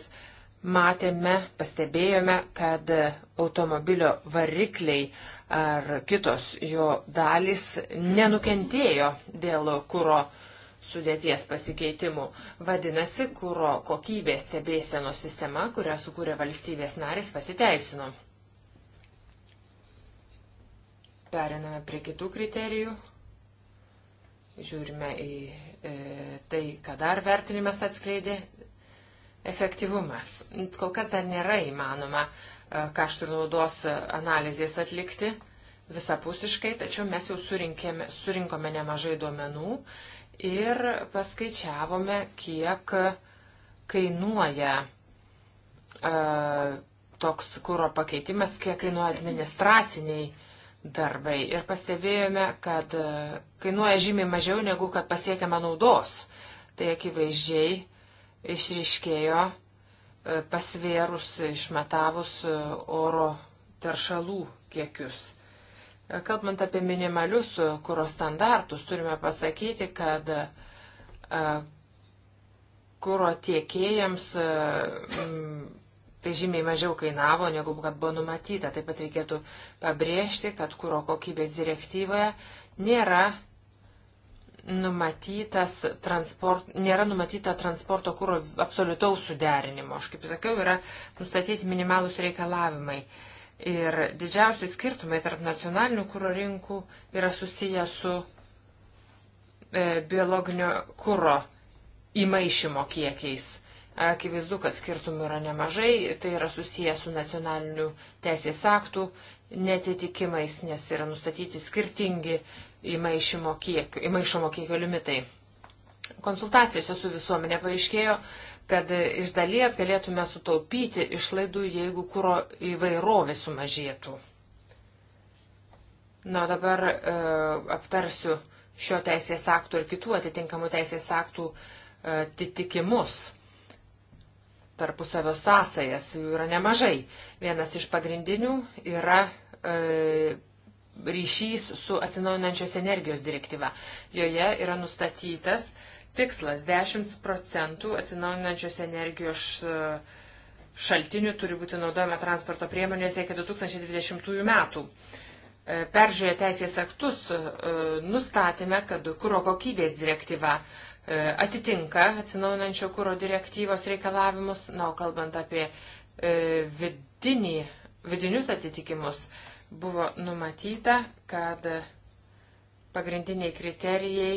matėme, pastebėjome, kad automobilio varikliai ar kitos jo dalys nenukentėjo dėl kūro sudėties pasikeitimų. Vadinasi, kūro kokybės stebėsenos sistema, kurią sukūrė valstybės narės, pasiteisino. Periname prie kitų kriterijų. Žiūrime į e, tai, ką dar vertinimas atskleidė. Efektyvumas. Kol kas dar nėra įmanoma e, kaštų ir naudos analizės atlikti visapusiškai, tačiau mes jau surinkome nemažai duomenų ir paskaičiavome, kiek kainuoja e, toks kūro pakeitimas, kiek kainuoja administraciniai darbai ir pastebėjome, kad e, kainuoja žymiai mažiau negu kad pasiekiama naudos. Tai akivaizdžiai išriškėjo e, pasvėrus, išmetavus e, oro teršalų kiekius. Kalbant apie minimalius kūro standartus, turime pasakyti, kad kūro tiekėjams Tai žymiai mažiau kainavo, negu kad buvo numatyta. Taip pat reikėtų pabrėžti, kad kūro kokybės direktyvoje nėra, transport, nėra numatyta transporto kūro absoliutaus suderinimo. Aš kaip sakiau, yra nustatyti minimalus reikalavimai. Ir didžiausi skirtumai tarp nacionalinių kūro rinkų yra susiję su e, biologinio kūro įmaišymo kiekiais. Akivaizdu, kad skirtumų yra nemažai, tai yra susijęs su nacionaliniu teisės aktų netitikimais, nes yra nustatyti skirtingi įmaišymo kiek, įmaišomo kiekio limitai. Konsultacijose su visuomenė paaiškėjo, kad iš dalies galėtume sutaupyti išlaidų, jeigu kūro įvairovė sumažėtų. Na, dabar e, aptarsiu šio teisės aktų ir kitų atitinkamų teisės aktų atitikimus. E, tarpusavio sąsajas, jų yra nemažai. Vienas iš pagrindinių yra e, ryšys su atsinaujinančios energijos direktyva. Joje yra nustatytas tikslas 10 procentų atsinaujinančios energijos e, šaltinių turi būti naudojama transporto priemonėse iki 2020 metų. E, peržiūrėję teisės aktus e, nustatėme, kad kūro kokybės direktyva E, atitinka atsinaujinančio kūro direktyvos reikalavimus, na, o kalbant apie e, vidinį, vidinius atitikimus, buvo numatyta, kad pagrindiniai kriterijai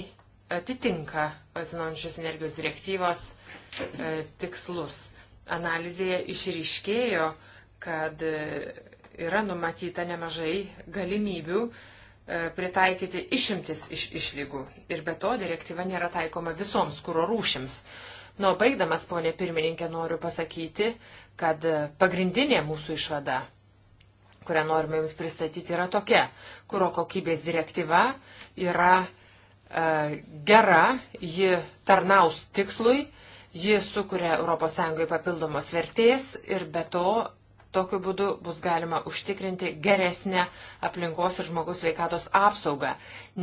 atitinka atsinaujančios energijos direktyvos e, tikslus. Analizėje išryškėjo, kad e, yra numatyta nemažai galimybių E, pritaikyti išimtis iš išlygų. Ir be to direktyva nėra taikoma visoms kūro rūšims. Nuo baigdamas, ponė pirmininkė, noriu pasakyti, kad pagrindinė mūsų išvada, kurią norime jums pristatyti, yra tokia. Kūro kokybės direktyva yra e, gera, ji tarnaus tikslui, ji sukuria ES papildomos vertės ir be to Tokiu būdu bus galima užtikrinti geresnę aplinkos ir žmogaus veikatos apsaugą.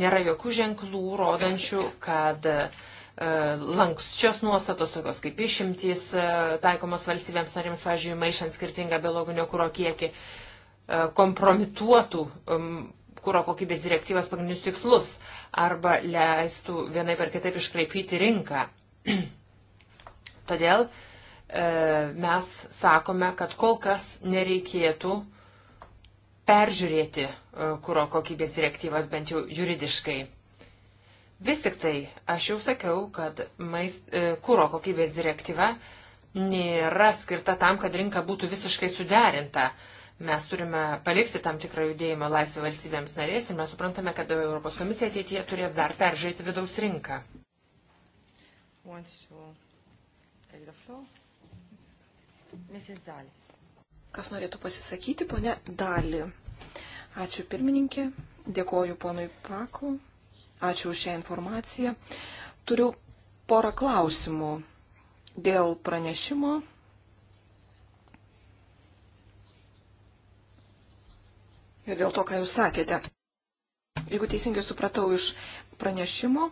Nėra jokių ženklų rodančių, kad e, lankščios nuostatos, tokios kaip išimtys e, taikomos valstybėms narims, važiuoju, maišant skirtingą biologinio kūro kiekį, e, kompromituotų kūro kokybės direktyvos pagrindinius tikslus arba leistų vienai per kitaip iškraipyti rinką. Todėl E, mes sakome, kad kol kas nereikėtų peržiūrėti e, kūro kokybės direktyvas bent jau juridiškai. Vis tik tai aš jau sakiau, kad maist, e, kūro kokybės direktyva nėra skirta tam, kad rinka būtų visiškai suderinta. Mes turime palikti tam tikrą judėjimą laisvę valstybėms narės ir mes suprantame, kad Europos komisija ateityje turės dar peržiūrėti vidaus rinką. Once Mrs. Dali. Kas norėtų pasisakyti, ponia Dali? Ačiū pirmininkė, dėkoju ponui Paku, ačiū už šią informaciją. Turiu porą klausimų dėl pranešimo. Ir dėl to, ką jūs sakėte. Jeigu teisingai supratau iš pranešimo,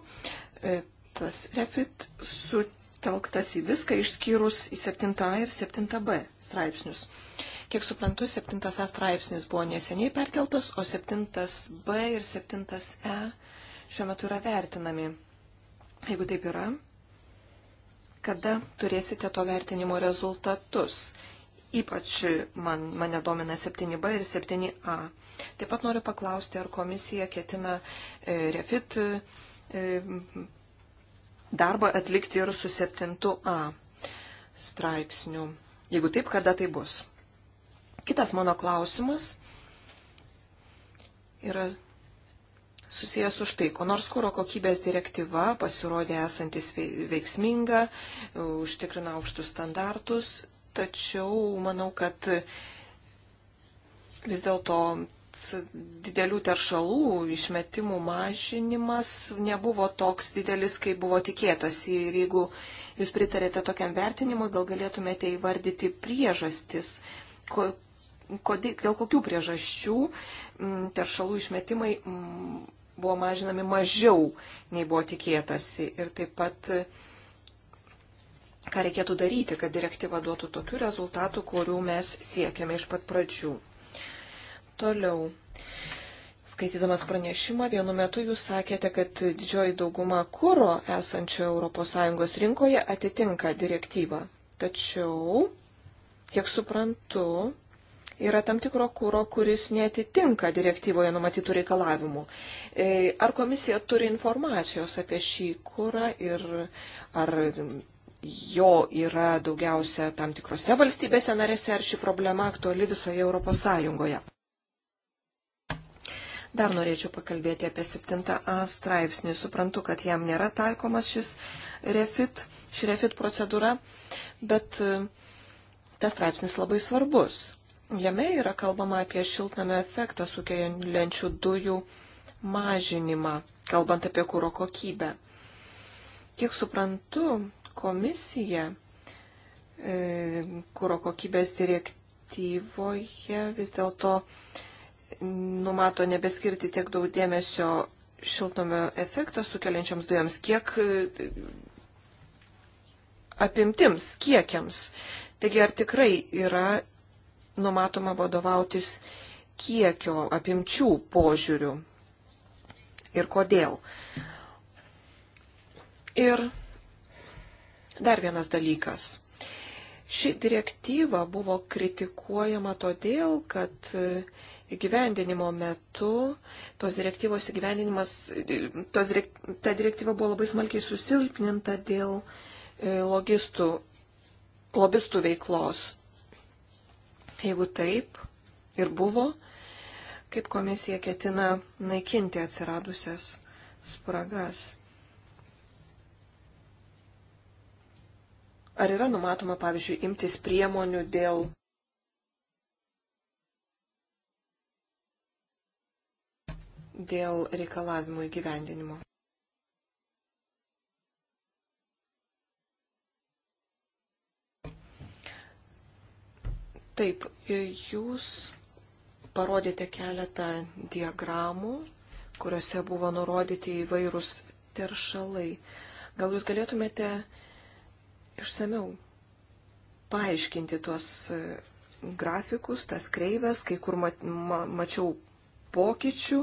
e, tas refit su sutelktas į viską išskyrus į 7a ir 7b straipsnius. Kiek suprantu, 7a straipsnis buvo neseniai perkeltas, o 7b ir 7e šiuo metu yra vertinami. Jeigu taip yra, kada turėsite to vertinimo rezultatus? Ypač man, mane domina 7b ir 7a. Taip pat noriu paklausti, ar komisija ketina e, refit e, darbą atlikti ir su 7a straipsniu. Jeigu taip, kada tai bus? Kitas mano klausimas yra susijęs už tai, ko nors kūro kokybės direktyva pasirodė esantis veiksminga, užtikrina aukštus standartus, tačiau manau, kad vis dėlto didelių teršalų išmetimų mažinimas nebuvo toks didelis, kaip buvo tikėtas. Ir jeigu jūs pritarėte tokiam vertinimui, gal galėtumėte įvardyti priežastis, ko, kodėl, dėl kokių priežasčių teršalų išmetimai buvo mažinami mažiau, nei buvo tikėtasi. Ir taip pat, ką reikėtų daryti, kad direktyva duotų tokių rezultatų, kurių mes siekiame iš pat pradžių. Toliau. Skaitydamas pranešimą, vienu metu jūs sakėte, kad didžioji dauguma kūro esančio ES rinkoje atitinka direktyvą. Tačiau, kiek suprantu, yra tam tikro kūro, kuris netitinka direktyvoje numatytų reikalavimų. E, ar komisija turi informacijos apie šį kūrą ir ar jo yra daugiausia tam tikrose valstybėse narėse, ar ši problema aktuali visoje ES? Dar norėčiau pakalbėti apie 7a straipsnį. Suprantu, kad jam nėra taikomas šis refit, ši refit procedūra, bet e, tas straipsnis labai svarbus. Jame yra kalbama apie šiltnamio efektą sukeliančių dujų mažinimą, kalbant apie kūro kokybę. Kiek suprantu, komisija e, kūro kokybės direktyvoje vis dėlto e, numato nebeskirti tiek daug dėmesio šiltnamio efektą sukeliančioms dujoms, kiek e, apimtims, kiekiams. Taigi ar tikrai yra numatoma vadovautis kiekio apimčių požiūrių ir kodėl. Ir dar vienas dalykas. Ši direktyva buvo kritikuojama todėl, kad uh, įgyvendinimo metu tos direktyvos įgyvendinimas, tos direkt, ta direktyva buvo labai smalkiai susilpninta dėl e, logistų, lobistų veiklos. Jeigu taip ir buvo, kaip komisija ketina naikinti atsiradusias spragas. Ar yra numatoma, pavyzdžiui, imtis priemonių dėl dėl reikalavimų įgyvendinimo. Taip, jūs parodėte keletą diagramų, kuriuose buvo nurodyti įvairūs teršalai. Gal jūs galėtumėte išsameu paaiškinti tuos e, grafikus, tas kreivės, kai kur mat, ma, mačiau pokyčių,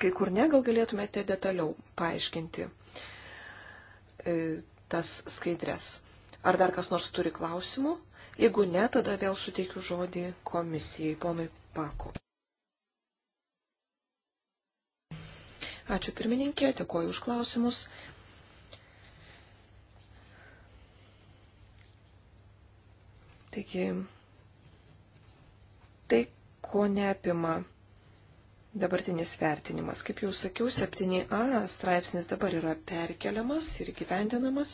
kai kur ne, gal galėtumėte detaliau paaiškinti e, tas skaidrės. Ar dar kas nors turi klausimų? Jeigu ne, tada vėl suteikiu žodį komisijai, ponui Paku. Ačiū pirmininkė, dėkoju už klausimus. Taigi, tai ko neapima dabartinis vertinimas. Kaip jau sakiau, 7a straipsnis dabar yra perkeliamas ir gyvendinamas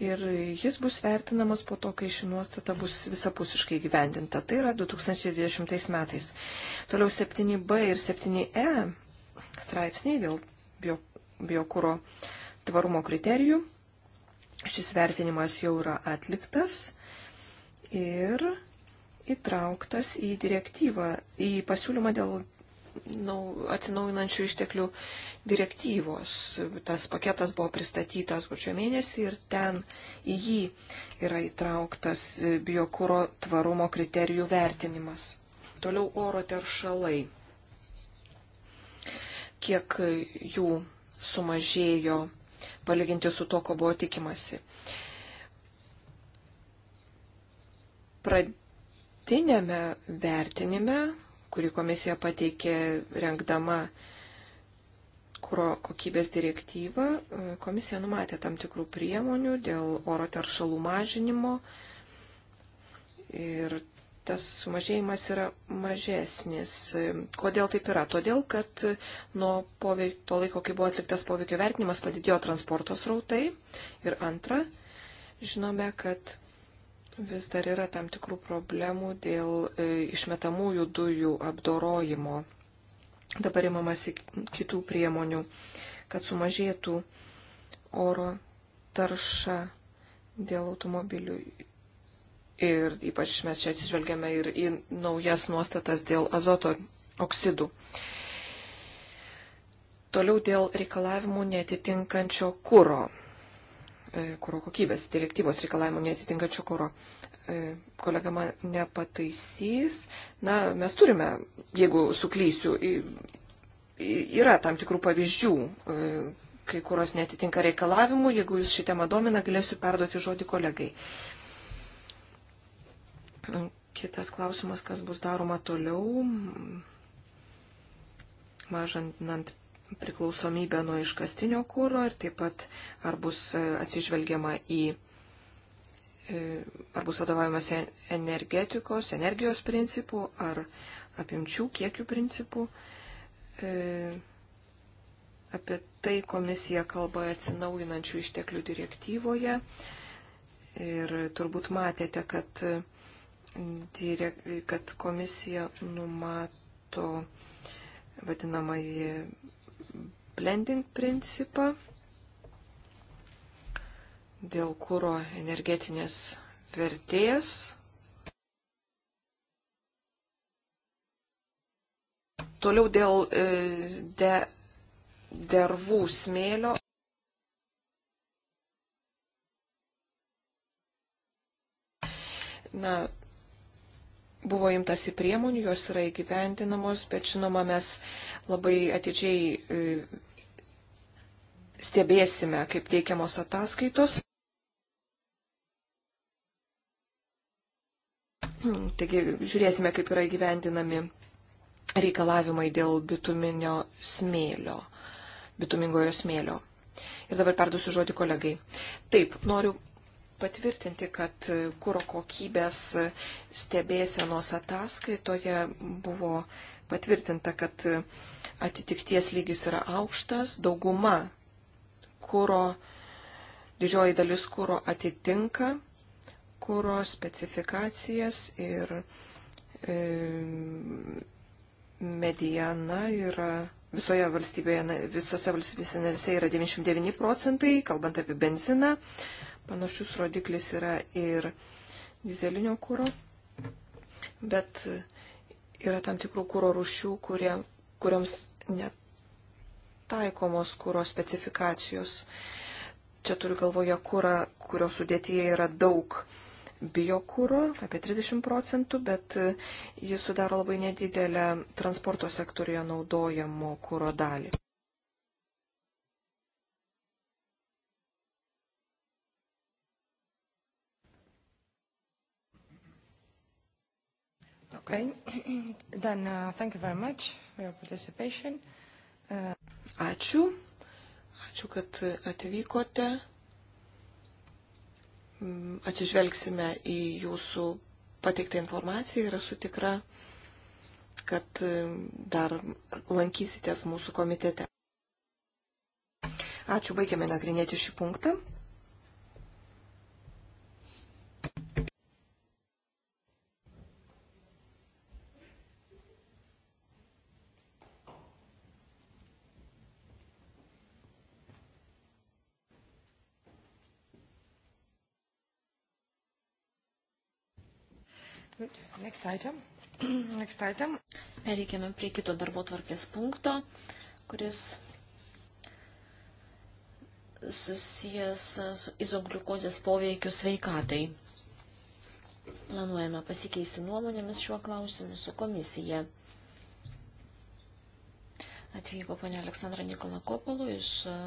ir jis bus vertinamas po to, kai ši nuostata bus visapusiškai gyvendinta. Tai yra 2020 metais. Toliau 7b ir 7e straipsniai dėl biokūro bio tvarumo kriterijų. Šis vertinimas jau yra atliktas ir įtrauktas į direktyvą, į pasiūlymą dėl atsinaujinančių išteklių direktyvos. Tas paketas buvo pristatytas gručio mėnesį ir ten į jį yra įtrauktas biokūro tvarumo kriterijų vertinimas. Toliau oro teršalai. Kiek jų sumažėjo palyginti su to, ko buvo tikimasi. Pradinėme vertinime kurį komisija pateikė rengdama kuro kokybės direktyvą, komisija numatė tam tikrų priemonių dėl oro teršalų mažinimo ir tas sumažėjimas yra mažesnis. Kodėl taip yra? Todėl, kad nuo poveik, to laiko, kai buvo atliktas poveikio vertinimas, padidėjo transporto srautai. Ir antra, žinome, kad vis dar yra tam tikrų problemų dėl e, išmetamųjų dujų apdorojimo. Dabar įmamasi kitų priemonių, kad sumažėtų oro tarša dėl automobilių. Ir ypač mes čia atsižvelgiame ir į naujas nuostatas dėl azoto oksidų. Toliau dėl reikalavimų netitinkančio kūro. E, kūro kokybės direktyvos reikalavimų netitinkančių kūro. E, kolega man nepataisys. Na, mes turime, jeigu suklysiu, yra tam tikrų pavyzdžių, e, kai kurios netitinka reikalavimų. Jeigu jūs šitą madomina, galėsiu perduoti žodį kolegai. Kitas klausimas, kas bus daroma toliau, mažant priklausomybę nuo iškastinio kūro ir taip pat ar bus e, atsižvelgiama į, e, ar bus vadovavimas energetikos, energijos principų, ar apimčių kiekių principų. E, apie tai komisija kalba atsinaujinančių išteklių direktyvoje. Ir turbūt matėte, kad, direk, kad komisija numato vadinamąjį blending principą dėl kūro energetinės vertės. Toliau dėl e, de, dervų smėlio. Na, Buvo imtasi priemonių, jos yra įgyvendinamos, bet žinoma, mes labai atidžiai e, stebėsime, kaip teikiamos ataskaitos. Taigi žiūrėsime, kaip yra įgyvendinami reikalavimai dėl bituminio smėlio, bitumingojo smėlio. Ir dabar perdusiu žodį kolegai. Taip, noriu patvirtinti, kad kūro kokybės stebėsenos ataskaitoje buvo patvirtinta, kad atitikties lygis yra aukštas, dauguma kūro, didžioji dalis kūro atitinka kūro specifikacijas ir e, mediana yra visoje valstybėje, visose valstybėse narėse yra 99 procentai, kalbant apie benziną, Panašus rodiklis yra ir dizelinio kūro, bet yra tam tikrų kūro rušių, kurie, kuriams netaikomos kūro specifikacijos. Čia turiu galvoje kūrą, kurio sudėtyje yra daug biokūro, apie 30 procentų, bet jis sudaro labai nedidelę transporto sektorijoje naudojamo kūro dalį. Okay. Then, uh, thank you very much for your participation. Uh... Ačiū. Ačiū, kad atvykote. Mm, atsižvelgsime į jūsų pateiktą informaciją ir esu tikra, kad um, dar lankysitės mūsų komitete. Ačiū, baigiame nagrinėti šį punktą. Good. Next item. Next item. Pereikėme prie kito darbo tvarkės punkto, kuris susijęs su izogliukozės poveikiu sveikatai. Planuojame pasikeisti nuomonėmis šiuo klausimu su komisija. Atvyko ponia Aleksandra Nikola Kopolų iš e,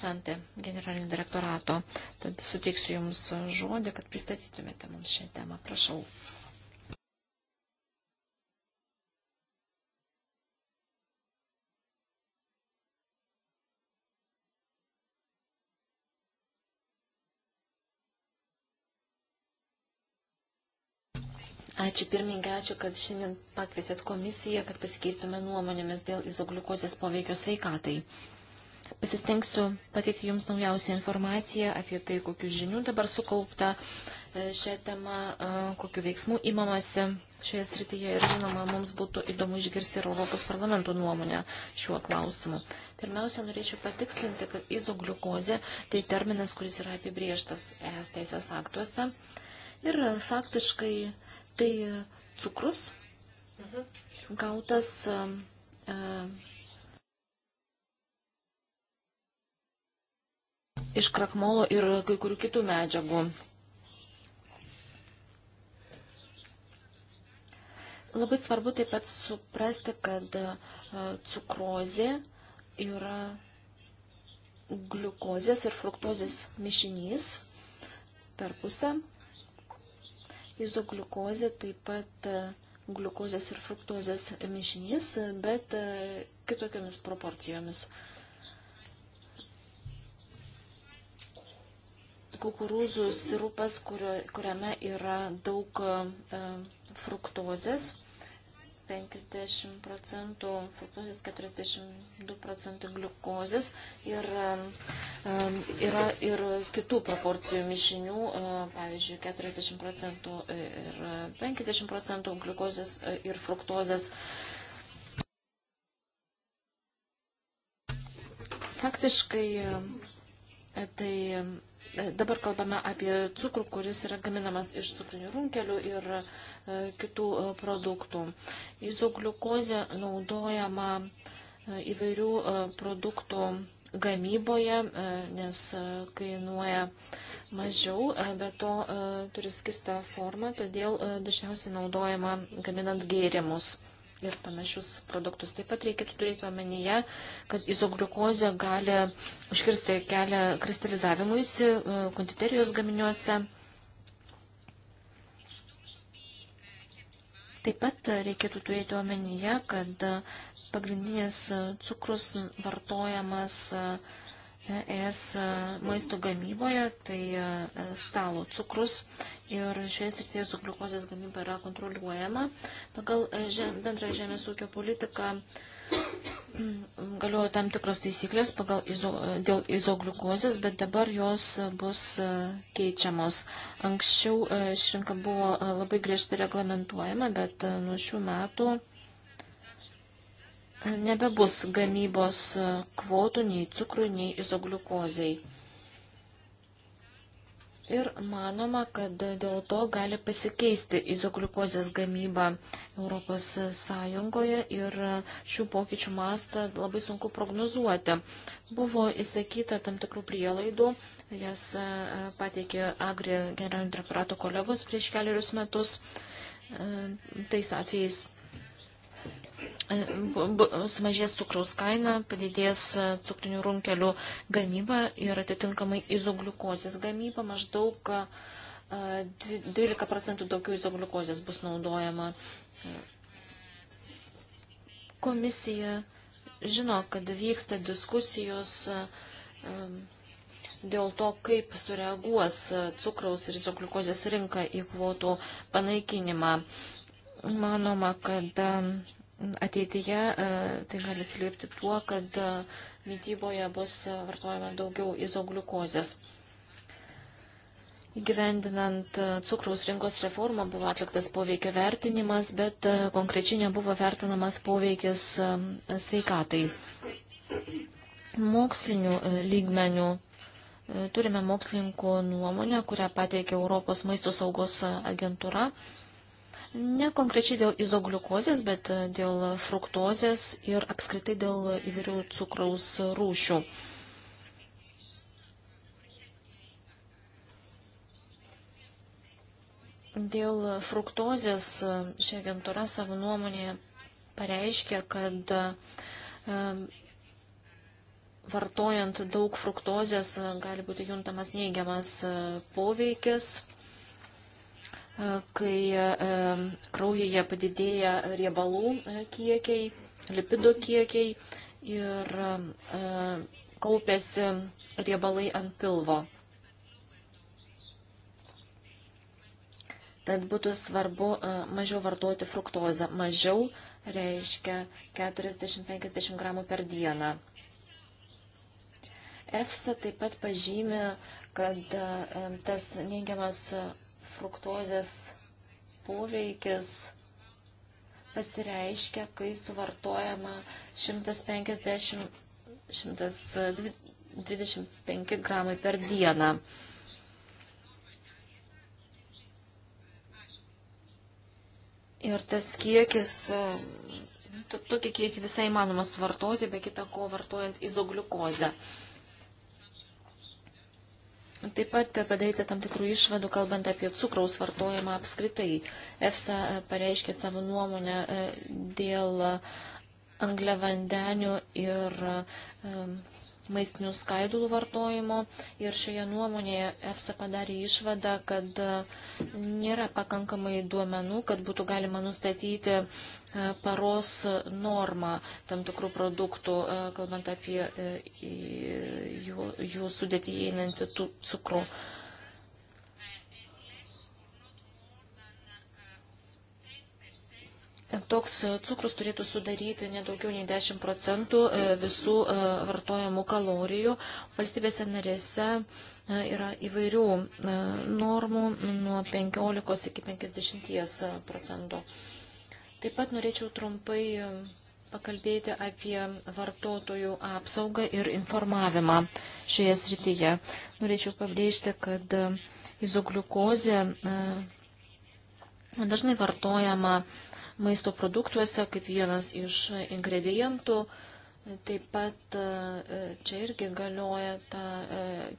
Sante generalinio direktorato. Tad suteiksiu Jums žodį, kad pristatytumėte mums šią temą. Prašau. Ačiū pirmingai, ačiū, kad šiandien pakvietėt komisiją, kad pasikeistume nuomonėmis dėl izogliukozės poveikio sveikatai. Pasistengsiu pateikti Jums naujausią informaciją apie tai, kokius žinių dabar sukaupta e, šią temą, e, kokiu veiksmu įmamasi šioje srityje ir, žinoma, mums būtų įdomu išgirsti ir Europos parlamento nuomonę šiuo klausimu. Pirmiausia, norėčiau patikslinti, kad izogliukozė tai terminas, kuris yra apibrieštas ES teisės aktuose ir faktiškai Tai e, cukrus gautas e, e, iš krakmolo ir kai kurių kitų medžiagų. Labai svarbu taip pat suprasti, kad cukrozė yra gliukozės ir fruktozės mišinys per pusę izogliukozė taip pat e, gliukozės ir fruktozės mišinys, bet e, kitokiamis proporcijomis. Kukurūzų sirupas, kurio, kuriame yra daug e, fruktozės, 50 procentų fruktozės, 42 procentų gliukozės ir um, um, yra ir kitų proporcijų mišinių, uh, pavyzdžiui, 40 procentų uh, ir 50 procentų gliukozės uh, ir fruktozės. Faktiškai tai um, Dabar kalbame apie cukrų, kuris yra gaminamas iš cukrinių runkelių ir e, kitų e, produktų. Izogliukozė naudojama e, įvairių produktų gamyboje, nes kainuoja mažiau, bet to turi skistą formą, todėl dažniausiai naudojama gaminant gėrimus ir panašius produktus. Taip pat reikėtų turėti omenyje, kad izogliukozė gali užkirsti kelią kristalizavimuisi e, konditerijos gaminiuose. Taip pat reikėtų turėti omenyje, kad pagrindinis cukrus vartojamas uh, ES e, maisto gamyboje, tai e, e, stalo cukrus ir šioje srityje su gliukozės gamyba yra kontroliuojama. Pagal žem, bendrą žemės ūkio politiką mm, galioja tam tikros taisyklės pagal izo, dėl izogliukozės, bet dabar jos bus keičiamos. Anksčiau šrinka buvo labai griežtai reglamentuojama, bet nuo šių metų nebebus gamybos e, kvotų nei cukrui, nei izogliukozei. Ir manoma, kad dėl to gali pasikeisti izogliukozės gamyba Europos Sąjungoje ir šių pokyčių mastą labai sunku prognozuoti. Buvo įsakyta tam tikrų prielaidų, jas e, pateikė Agri generalinio direktorato kolegos prieš keliarius metus e, tais atvejais sumažės cukraus kaina, padidės e, cukrinių runkelių gamyba ir atitinkamai izogliukozės gamyba maždaug 12 e, procentų daugiau izogliukozės bus naudojama. Komisija žino, kad vyksta diskusijos e, dėl to, kaip sureaguos cukraus ir izogliukozės rinka į kvotų panaikinimą. Manoma, kad ateityje e, tai gali atsiliepti tuo, kad e, mytyboje bus e, vartojama daugiau izogliukozės. Įgyvendinant cukraus rinkos reformą buvo atliktas poveikio vertinimas, bet konkrečiai nebuvo vertinamas poveikis sveikatai. Mokslinių lygmenių turime mokslininkų nuomonę, kurią pateikė Europos maisto saugos agentūra. Ne konkrečiai dėl izogliukozės, bet e, dėl fruktozės ir apskritai dėl įvairių cukraus rūšių. Dėl fruktozės e, ši agentūra savo nuomonėje pareiškia, kad e, vartojant daug fruktozės gali būti juntamas neigiamas poveikis kai e, kraujyje padidėja riebalų e, kiekiai, lipidų kiekiai ir e, kaupėsi riebalai ant pilvo. Tad būtų svarbu mažiau vartoti fruktozę. Mažiau reiškia 40-50 gramų per dieną. EFSA taip pat pažymė, kad tas neigiamas fruktozės poveikis pasireiškia, kai suvartojama 150-125 gramai per dieną. Ir tas kiekis, tokį kiekį visai įmanoma suvartoti, be kita ko vartojant izogliukozę. Mm. Taip pat padaryti tam tikrų išvadų, kalbant apie cukraus vartojimą apskritai. EFSA e, pareiškė savo nuomonę e, dėl angliavandenių ir e, maistinių skaidulų vartojimo ir šioje nuomonėje EFSA padarė išvadą, kad nėra pakankamai duomenų, kad būtų galima nustatyti E, paros normą tam tikrų produktų, e, kalbant apie e, jų, jų sudėtį įeinantį cukrų. Toks cukrus turėtų sudaryti nedaugiau nei 10 procentų visų vartojamų kalorijų. Valstybėse narėse yra įvairių normų nuo 15 iki 50 procentų. Taip pat norėčiau trumpai e, pakalbėti apie vartotojų apsaugą ir informavimą šioje srityje. Norėčiau pabrėžti, kad e, izogliukozė e, dažnai vartojama maisto produktuose kaip vienas iš ingredientų. Taip pat čia irgi galioja ta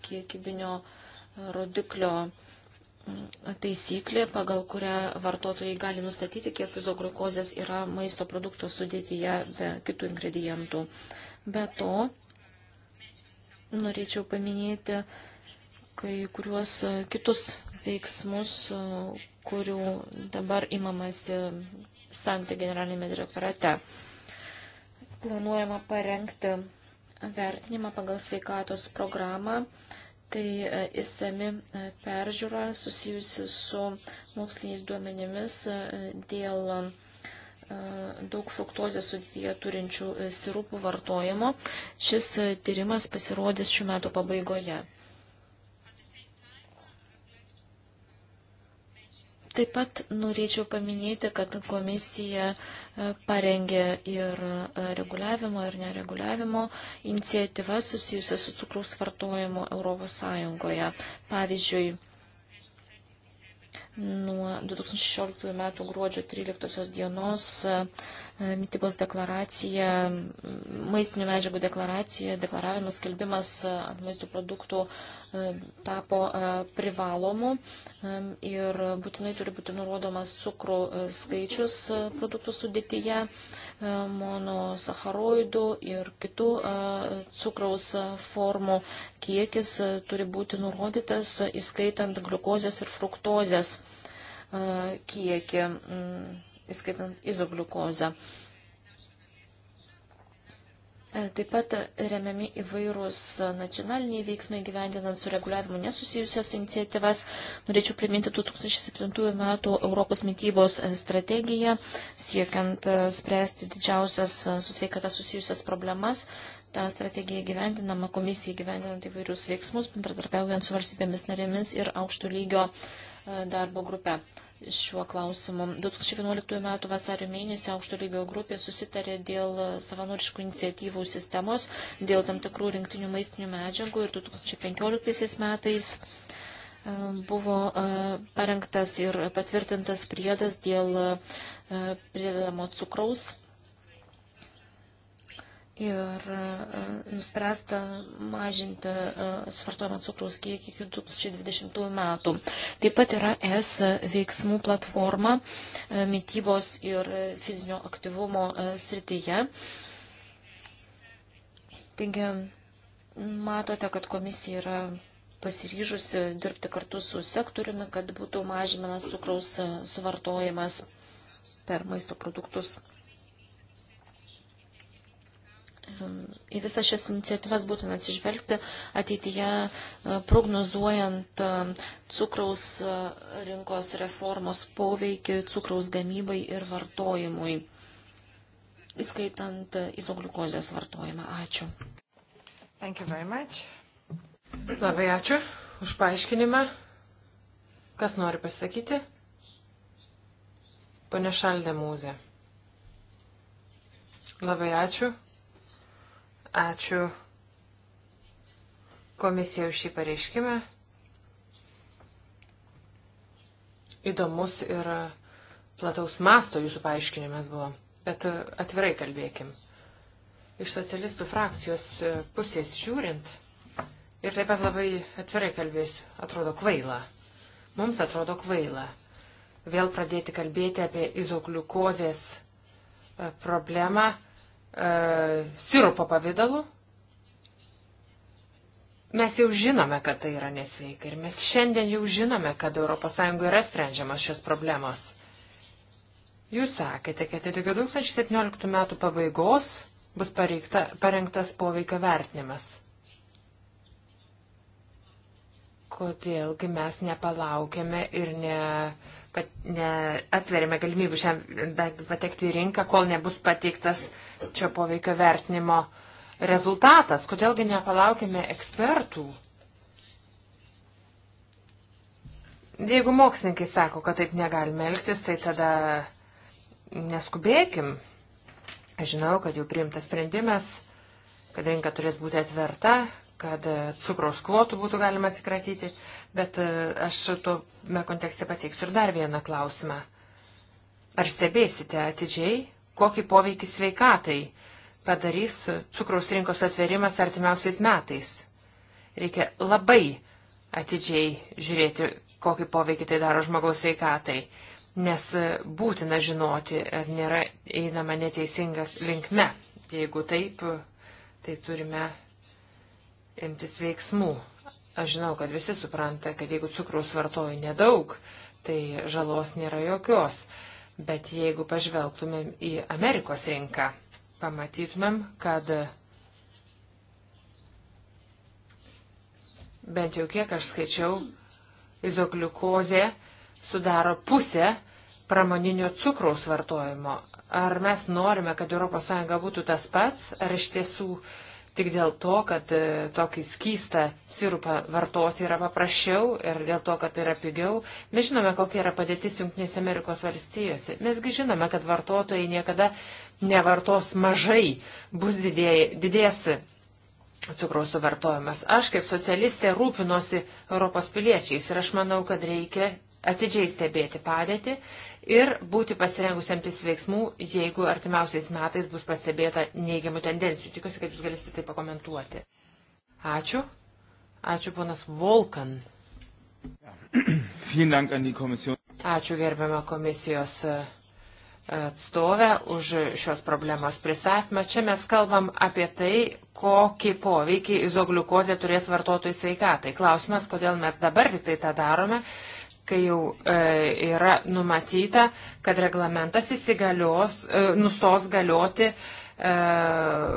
kiekybinio rodiklio taisyklė, pagal kurią vartotojai gali nustatyti, kiek izoglukozės yra maisto produkto sudėtyje be kitų ingredientų. Be to, norėčiau paminėti kai kuriuos kitus veiksmus, kurių dabar imamasi Santė generalinėme direktorate. Planuojama parengti vertinimą pagal sveikatos programą, Tai įsami e, e, peržiūra susijusi su moksliniais duomenimis e, dėl daug fruktozės sudėtyje turinčių sirupų vartojimo. Šis tyrimas pasirodys šių metų pabaigoje. Taip pat norėčiau paminėti, kad komisija e, parengė ir e, reguliavimo ir nereguliavimo iniciatyvas susijusias su cukraus vartojimu Europos Sąjungoje. Pavyzdžiui, nuo 2016 m. gruodžio 13 dienos E, mytybos deklaracija, maistinių medžiagų deklaracija, deklaravimas, skelbimas e, ant maisto produktų e, tapo privalomu ir būtinai turi būti nurodomas cukrų skaičius produktų sudėtyje, monosacharoidų ir kitų cukraus formų kiekis turi būti nurodytas, įskaitant gliukozės ir fruktozės kiekį mm įskaitant izogliukozą. E, taip pat remiami įvairūs nacionaliniai veiksmai gyvendinant su reguliavimu nesusijusias iniciatyvas. Norėčiau priminti 2007 metų Europos mytybos strategiją, siekiant e, spręsti didžiausias e, su sveikata susijusias problemas. Ta strategija gyvendinama komisija gyvendinant įvairius veiksmus, bendradarbiaujant su valstybėmis narėmis ir aukšto lygio darbo grupe šiuo klausimu. 2011 m. vasario mėnesį aukšto lygio grupė susitarė dėl savanoriškų iniciatyvų sistemos, dėl tam tikrų rinktinių maistinių medžiagų ir 2015 metais e, buvo e, parengtas ir patvirtintas priedas dėl e, priedamo cukraus ir e, nuspręsta mažinti e, suvartojimą cukraus kiekį iki 2020 metų. Taip pat yra S veiksmų platforma e, mytybos ir fizinio aktyvumo srityje. Taigi, matote, kad komisija yra pasiryžusi dirbti kartu su sektoriumi, kad būtų mažinamas cukraus suvartojimas per maisto produktus į visas šias iniciatyvas būtina atsižvelgti ateityje e, prognozuojant e, cukraus e, rinkos reformos poveikį cukraus gamybai ir vartojimui, įskaitant izogliukozės vartojimą. Ačiū. Labai ačiū už paaiškinimą. Kas nori pasakyti? Pane Šaldė Mūzė. Labai ačiū. Ačiū komisija už šį pareiškimą. Įdomus ir plataus masto jūsų paaiškinimas buvo, bet atvirai kalbėkim. Iš socialistų frakcijos pusės žiūrint ir taip pat labai atvirai kalbėsiu, atrodo kvaila. Mums atrodo kvaila vėl pradėti kalbėti apie izogliukozės e, problemą E, sirupo pavydalu, mes jau žinome, kad tai yra nesveika ir mes šiandien jau žinome, kad ES yra sprendžiamas šios problemos. Jūs sakėte, kad iki 2017 metų pabaigos bus pareikta, parengtas poveikio vertinimas. Kodėlgi mes nepalaukėme ir ne, kad neatverėme galimybių šiam daiktui patekti į rinką, kol nebus pateiktas uh, čia poveikio vertinimo rezultatas. Kodėlgi nepalaukime ekspertų? Jeigu mokslininkai sako, kad taip negalime elgtis, tai tada neskubėkim. Aš žinau, kad jau priimtas sprendimas, kad rinka turės būti atverta, kad cukraus klotų būtų galima atsikratyti, bet e, aš tuome kontekste pateiksiu ir dar vieną klausimą. Ar stebėsite atidžiai kokį poveikį sveikatai padarys cukraus rinkos atverimas artimiausiais metais. Reikia labai atidžiai žiūrėti, kokį poveikį tai daro žmogaus sveikatai, nes būtina žinoti, ar nėra einama neteisinga linkme. Jeigu taip, tai turime imtis veiksmų. Aš žinau, kad visi supranta, kad jeigu cukraus vartoju nedaug, tai žalos nėra jokios. Bet jeigu pažvelgtumėm į Amerikos rinką, pamatytumėm, kad bent jau kiek aš skaičiau, izokliukozė sudaro pusę pramoninio cukraus vartojimo. Ar mes norime, kad ES būtų tas pats, ar iš tiesų uh, tik dėl to, kad e, tokį skystą sirupą vartoti yra paprasčiau ir dėl to, kad tai yra pigiau. Mes žinome, kokia yra padėtis Junktinėse Amerikos valstijose. Mesgi žinome, kad vartotojai niekada nevartos mažai, bus didėj, didės cukraus suvartojimas. Aš kaip socialistė rūpinosi Europos piliečiais ir aš manau, kad reikia atidžiai stebėti padėtį ir būti pasirengusiamtis veiksmų, jeigu artimiausiais metais bus pastebėta neigiamų tendencijų. Tikiuosi, kad jūs galėsite tai pakomentuoti. Ačiū. Ačiū, ponas Volkan. Ačiū gerbiamą komisijos e, atstovę už šios problemos pristatymą. Čia mes kalbam apie tai, kokį poveikį izogliukozė turės vartotojų sveikatai. Klausimas, kodėl mes dabar tik tai tą darome kai jau e, yra numatyta, kad reglamentas įsigalios, e, nustos galioti e,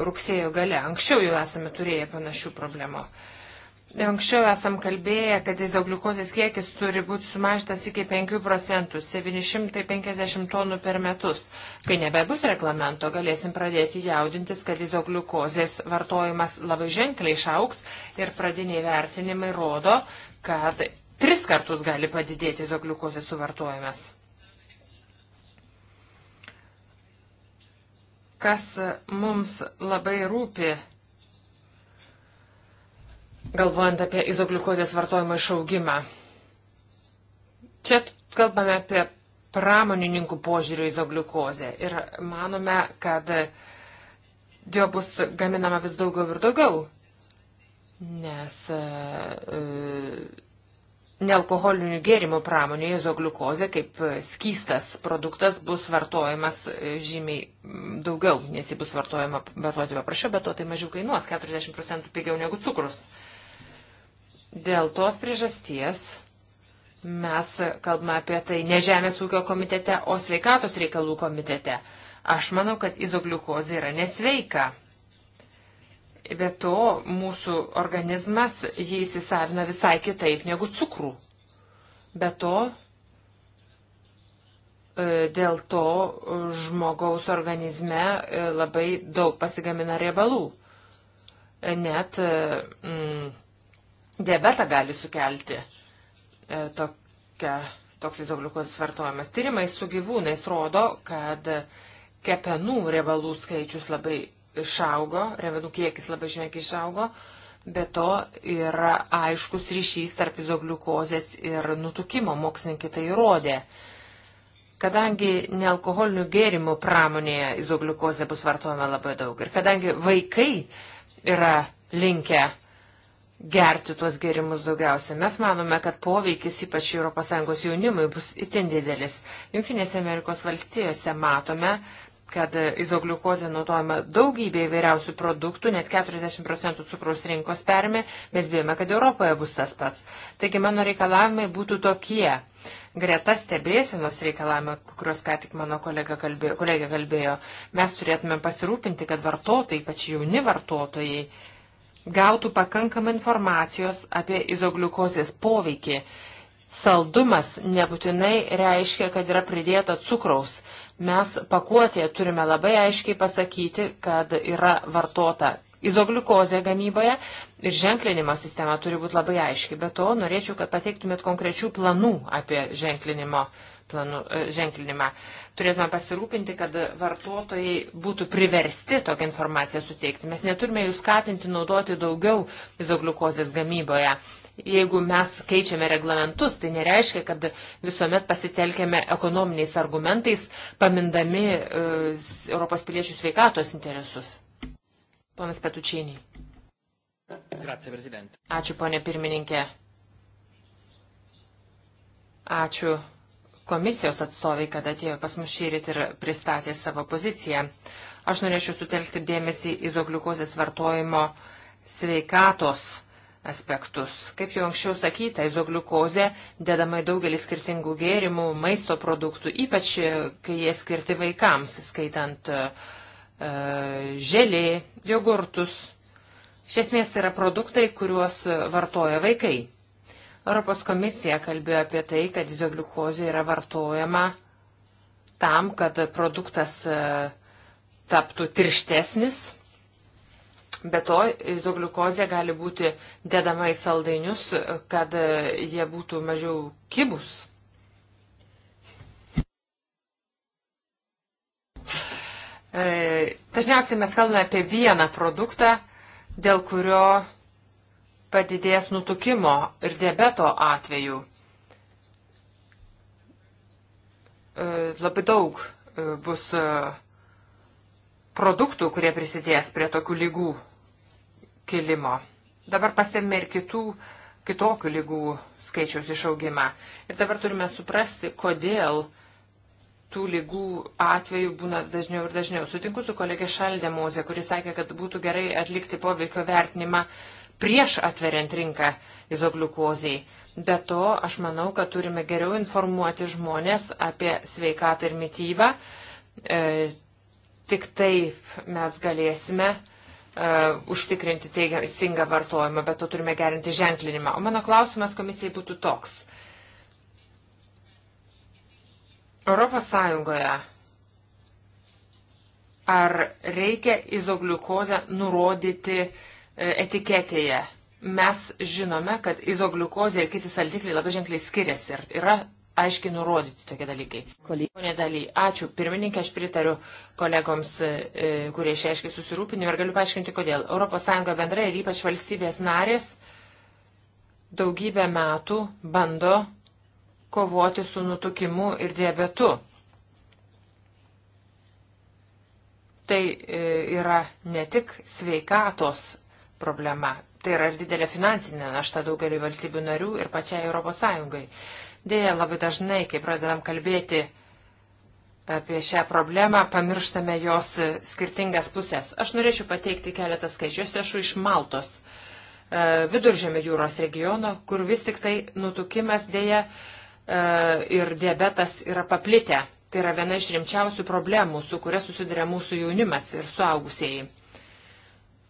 rugsėjo gale. Anksčiau jau esame turėję panašių problemų. Anksčiau esam kalbėję, kad izogliukozės kiekis turi būti sumažintas iki 5 procentų, 750 tonų per metus. Kai nebebus reglamento, galėsim pradėti jaudintis, kad izogliukozės vartojimas labai ženkliai išauks ir pradiniai vertinimai rodo, kad tris kartus gali padidėti izogliukozės suvartojimas. Kas mums labai rūpi, galvojant apie izogliukozės vartojimo išaugimą. Čia kalbame apie pramonininkų požiūrį izogliukozę ir manome, kad jo bus gaminama vis daugiau ir daugiau, nes e, nealkoholinių gėrimų pramonėje izogliukozė kaip skystas produktas bus vartojamas e, žymiai daugiau, nes jį bus vartojama vartoti paprasčiau, bet to tai mažiau kainuos, 40 procentų pigiau negu cukrus. Dėl tos priežasties mes kalbame apie tai ne Žemės ūkio komitete, o sveikatos reikalų komitete. Aš manau, kad izogliukozė yra nesveika. Be to, mūsų organizmas jį įsisavina visai kitaip negu cukrų. Be to, e, dėl to e, žmogaus organizme e, labai daug pasigamina riebalų. Net mm, diabetą gali sukelti tokia, toks izogliukos vartojimas. Tyrimai su gyvūnais rodo, kad kepenų riebalų skaičius labai išaugo, revenų kiekis labai žvenkiai išaugo, bet to yra aiškus ryšys tarp izogliukozės ir nutukimo, mokslininkai tai įrodė. Kadangi nealkoholinių gėrimų pramonėje izogliukozė bus vartojama labai daug ir kadangi vaikai yra linkę gerti tuos gėrimus daugiausia. Mes manome, kad poveikis ypač ES jaunimui bus itin didelis. Junktinėse Amerikos valstijose matome, kad izogliukozė naudojama daugybė įvairiausių produktų, net 40 procentų cukraus rinkos permė, mes bijome, kad Europoje bus tas pats. Taigi mano reikalavimai būtų tokie. Greta stebėsienos reikalavimai, kuriuos ką tik mano kolega kalbėjo, kolegė kalbėjo, mes turėtume pasirūpinti, kad vartotojai, ypač jauni vartotojai, gautų pakankamą informacijos apie izogliukozės poveikį. Saldumas nebūtinai reiškia, kad yra pridėta cukraus Mes pakuotėje turime labai aiškiai pasakyti, kad yra vartota izogliukozė gamyboje ir ženklinimo sistema turi būti labai aiški. Be to, norėčiau, kad pateiktumėt konkrečių planų apie ženklinimo planų, e, ženklinimą. Turėtume pasirūpinti, kad vartotojai būtų priversti tokią informaciją suteikti. Mes neturime jų skatinti naudoti daugiau izogliukozės gamyboje. Jeigu mes keičiame reglamentus, tai nereiškia, kad visuomet pasitelkėme ekonominiais argumentais, pamindami e, Europos piliečių sveikatos interesus. Ponas Petučiniai. Ačiū, ponė pirmininkė. Ačiū komisijos atstoviai, kad atėjo pas mus šyrit ir pristatė savo poziciją. Aš norėčiau sutelkti dėmesį į zogliukozės vartojimo sveikatos aspektus. Kaip jau anksčiau sakyta, izogliukozė dedama į daugelį skirtingų gėrimų, maisto produktų, ypač kai jie skirti vaikams, skaitant uh, želė, jogurtus. Iš esmės tai yra produktai, kuriuos vartoja vaikai. Europos komisija kalbėjo apie tai, kad izogliukozė yra vartojama tam, kad produktas uh, taptų tirštesnis Be to, izogliukozė gali būti dedama į saldainius, kad jie būtų mažiau kibus. E, dažniausiai mes kalbame apie vieną produktą, dėl kurio padidės nutukimo ir diabeto atveju. E, labai daug e, bus produktų, kurie prisidės prie tokių lygų kilimo. Dabar pasėmė ir kitų, kitokių lygų skaičiaus išaugimą. Ir dabar turime suprasti, kodėl tų lygų atveju būna dažniau ir dažniau. Sutinku su kolegė Šaldė Mozė, kuris sakė, kad būtų gerai atlikti poveikio vertinimą prieš atveriant rinką izogliukozijai. Be to, aš manau, kad turime geriau informuoti žmonės apie sveikatą ir mytybą. E, tik taip mes galėsime e, E, užtikrinti teisingą vartojimą, bet to turime gerinti ženklinimą. O mano klausimas komisijai būtų toks. Europos Sąjungoje ar reikia izogliukozę nurodyti e, etiketėje? Mes žinome, kad izogliukozė ir kiti saldikliai labai ženkliai skiriasi ir yra aiškiai nurodyti tokie dalykai. Pone Daly, ačiū. Pirmininkė, aš pritariu kolegoms, e, kurie išreiškia susirūpinimą ir galiu paaiškinti, kodėl. ES bendrai ir ypač valstybės narės daugybę metų bando kovoti su nutukimu ir diabetu. Tai e, yra ne tik sveikatos problema, tai yra ir didelė finansinė našta daugeliu valstybių narių ir pačiai ES. Dėja, labai dažnai, kai pradedam kalbėti apie šią problemą, pamirštame jos skirtingas pusės. Aš norėčiau pateikti keletą skaičių. Aš esu iš Maltos, e, viduržėmio jūros regiono, kur vis tik tai nutukimas dėja e, ir diabetas yra paplitę. Tai yra viena iš rimčiausių problemų, su kuria susiduria mūsų jaunimas ir suaugusieji.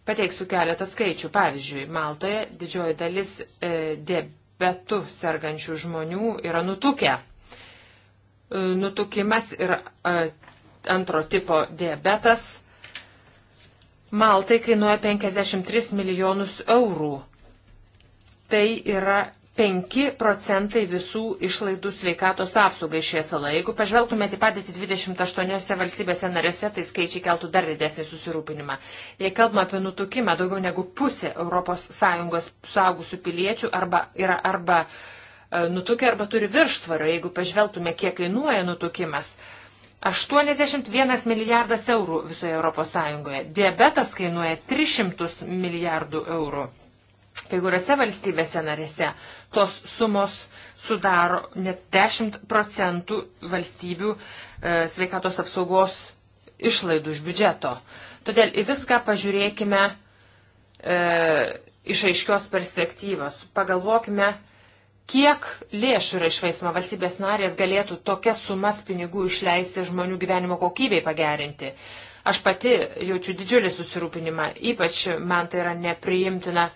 Pateiksiu keletą skaičių. Pavyzdžiui, Maltoje didžioji dalis e, diabetų diabetu sergančių žmonių yra nutukę. E, nutukimas ir e, antro tipo diabetas Maltai kainuoja 53 milijonus eurų. Tai yra 5 procentai visų išlaidų sveikatos apsaugai šioje saloje. Jeigu pažvelgtumėte į padėtį 28 valstybėse narėse, tai skaičiai keltų dar didesnį susirūpinimą. Jei kalbame apie nutukimą, daugiau negu pusė ES suaugusių piliečių arba yra arba e, nutukę arba turi viršsvario. Jeigu pažvelgtume, kiek kainuoja nutukimas, 81 milijardas eurų visoje ES. Diabetas kainuoja 300 milijardų eurų. Kai kuriuose valstybėse narėse tos sumos sudaro net 10 procentų valstybių e, sveikatos apsaugos išlaidų iš biudžeto. Todėl į viską pažiūrėkime e, iš aiškios perspektyvos. Pagalvokime, kiek lėšų yra išvaistama valstybės narės galėtų tokias sumas pinigų išleisti žmonių gyvenimo kokybei pagerinti. Aš pati jaučiu didžiulį susirūpinimą, ypač man tai yra nepriimtina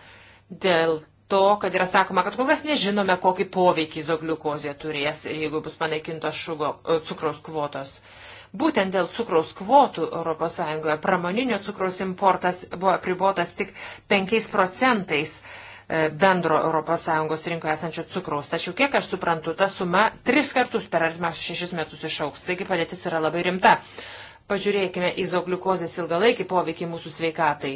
dėl to, kad yra sakoma, kad kol kas nežinome, kokį poveikį izogliukozė turės, jeigu bus panaikintos šugo, e, cukraus kvotos. Būtent dėl cukraus kvotų ES pramoninio cukraus importas buvo apribotas tik 5 procentais e, bendro ES rinkoje esančio cukraus. Tačiau, kiek aš suprantu, ta suma tris kartus per artimiausius šešis metus išauks. Taigi padėtis yra labai rimta. Pažiūrėkime izogliukozės ilgalaikį poveikį mūsų sveikatai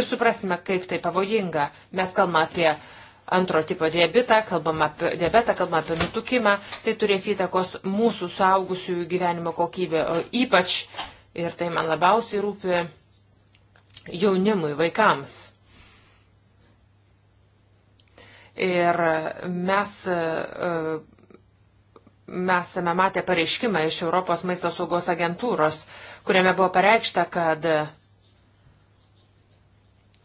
ir suprasime, kaip tai pavojinga. Mes kalbame apie antro tipo diabetą, kalbame apie, diabetą, kalbame apie nutukimą, tai turės įtakos mūsų saugusiųjų gyvenimo kokybė, o ypač, ir tai man labiausiai rūpi, jaunimui, vaikams. Ir mes. Uh, mes esame matę pareiškimą iš Europos maisto saugos agentūros, kuriame buvo pareikšta, kad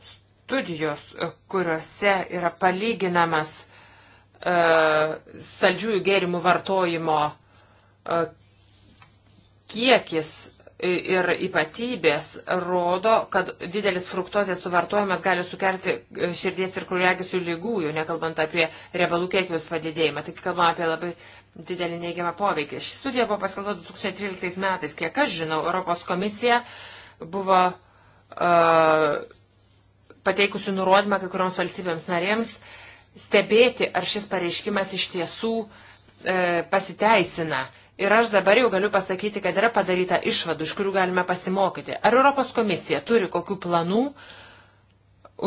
studijos, kuriuose yra palyginamas uh, saldžiųjų gėrimų vartojimo uh, kiekis ir ypatybės rodo, kad didelis fruktozės suvartojimas gali sukelti e, širdies ir kraujagyslių lygų, jau nekalbant apie riebalų kiekius padidėjimą, tik kalbam apie labai didelį neigiamą poveikį. Ši studija buvo paskelbta 2013 metais. Kiek aš žinau, Europos komisija buvo uh, pateikusi nurodymą kai kurioms valstybėms narėms stebėti, ar šis pareiškimas iš tiesų uh, pasiteisina. Uh, Ir aš dabar jau galiu pasakyti, kad yra padaryta išvadų, iš kurių galime pasimokyti. Ar Europos komisija turi kokių planų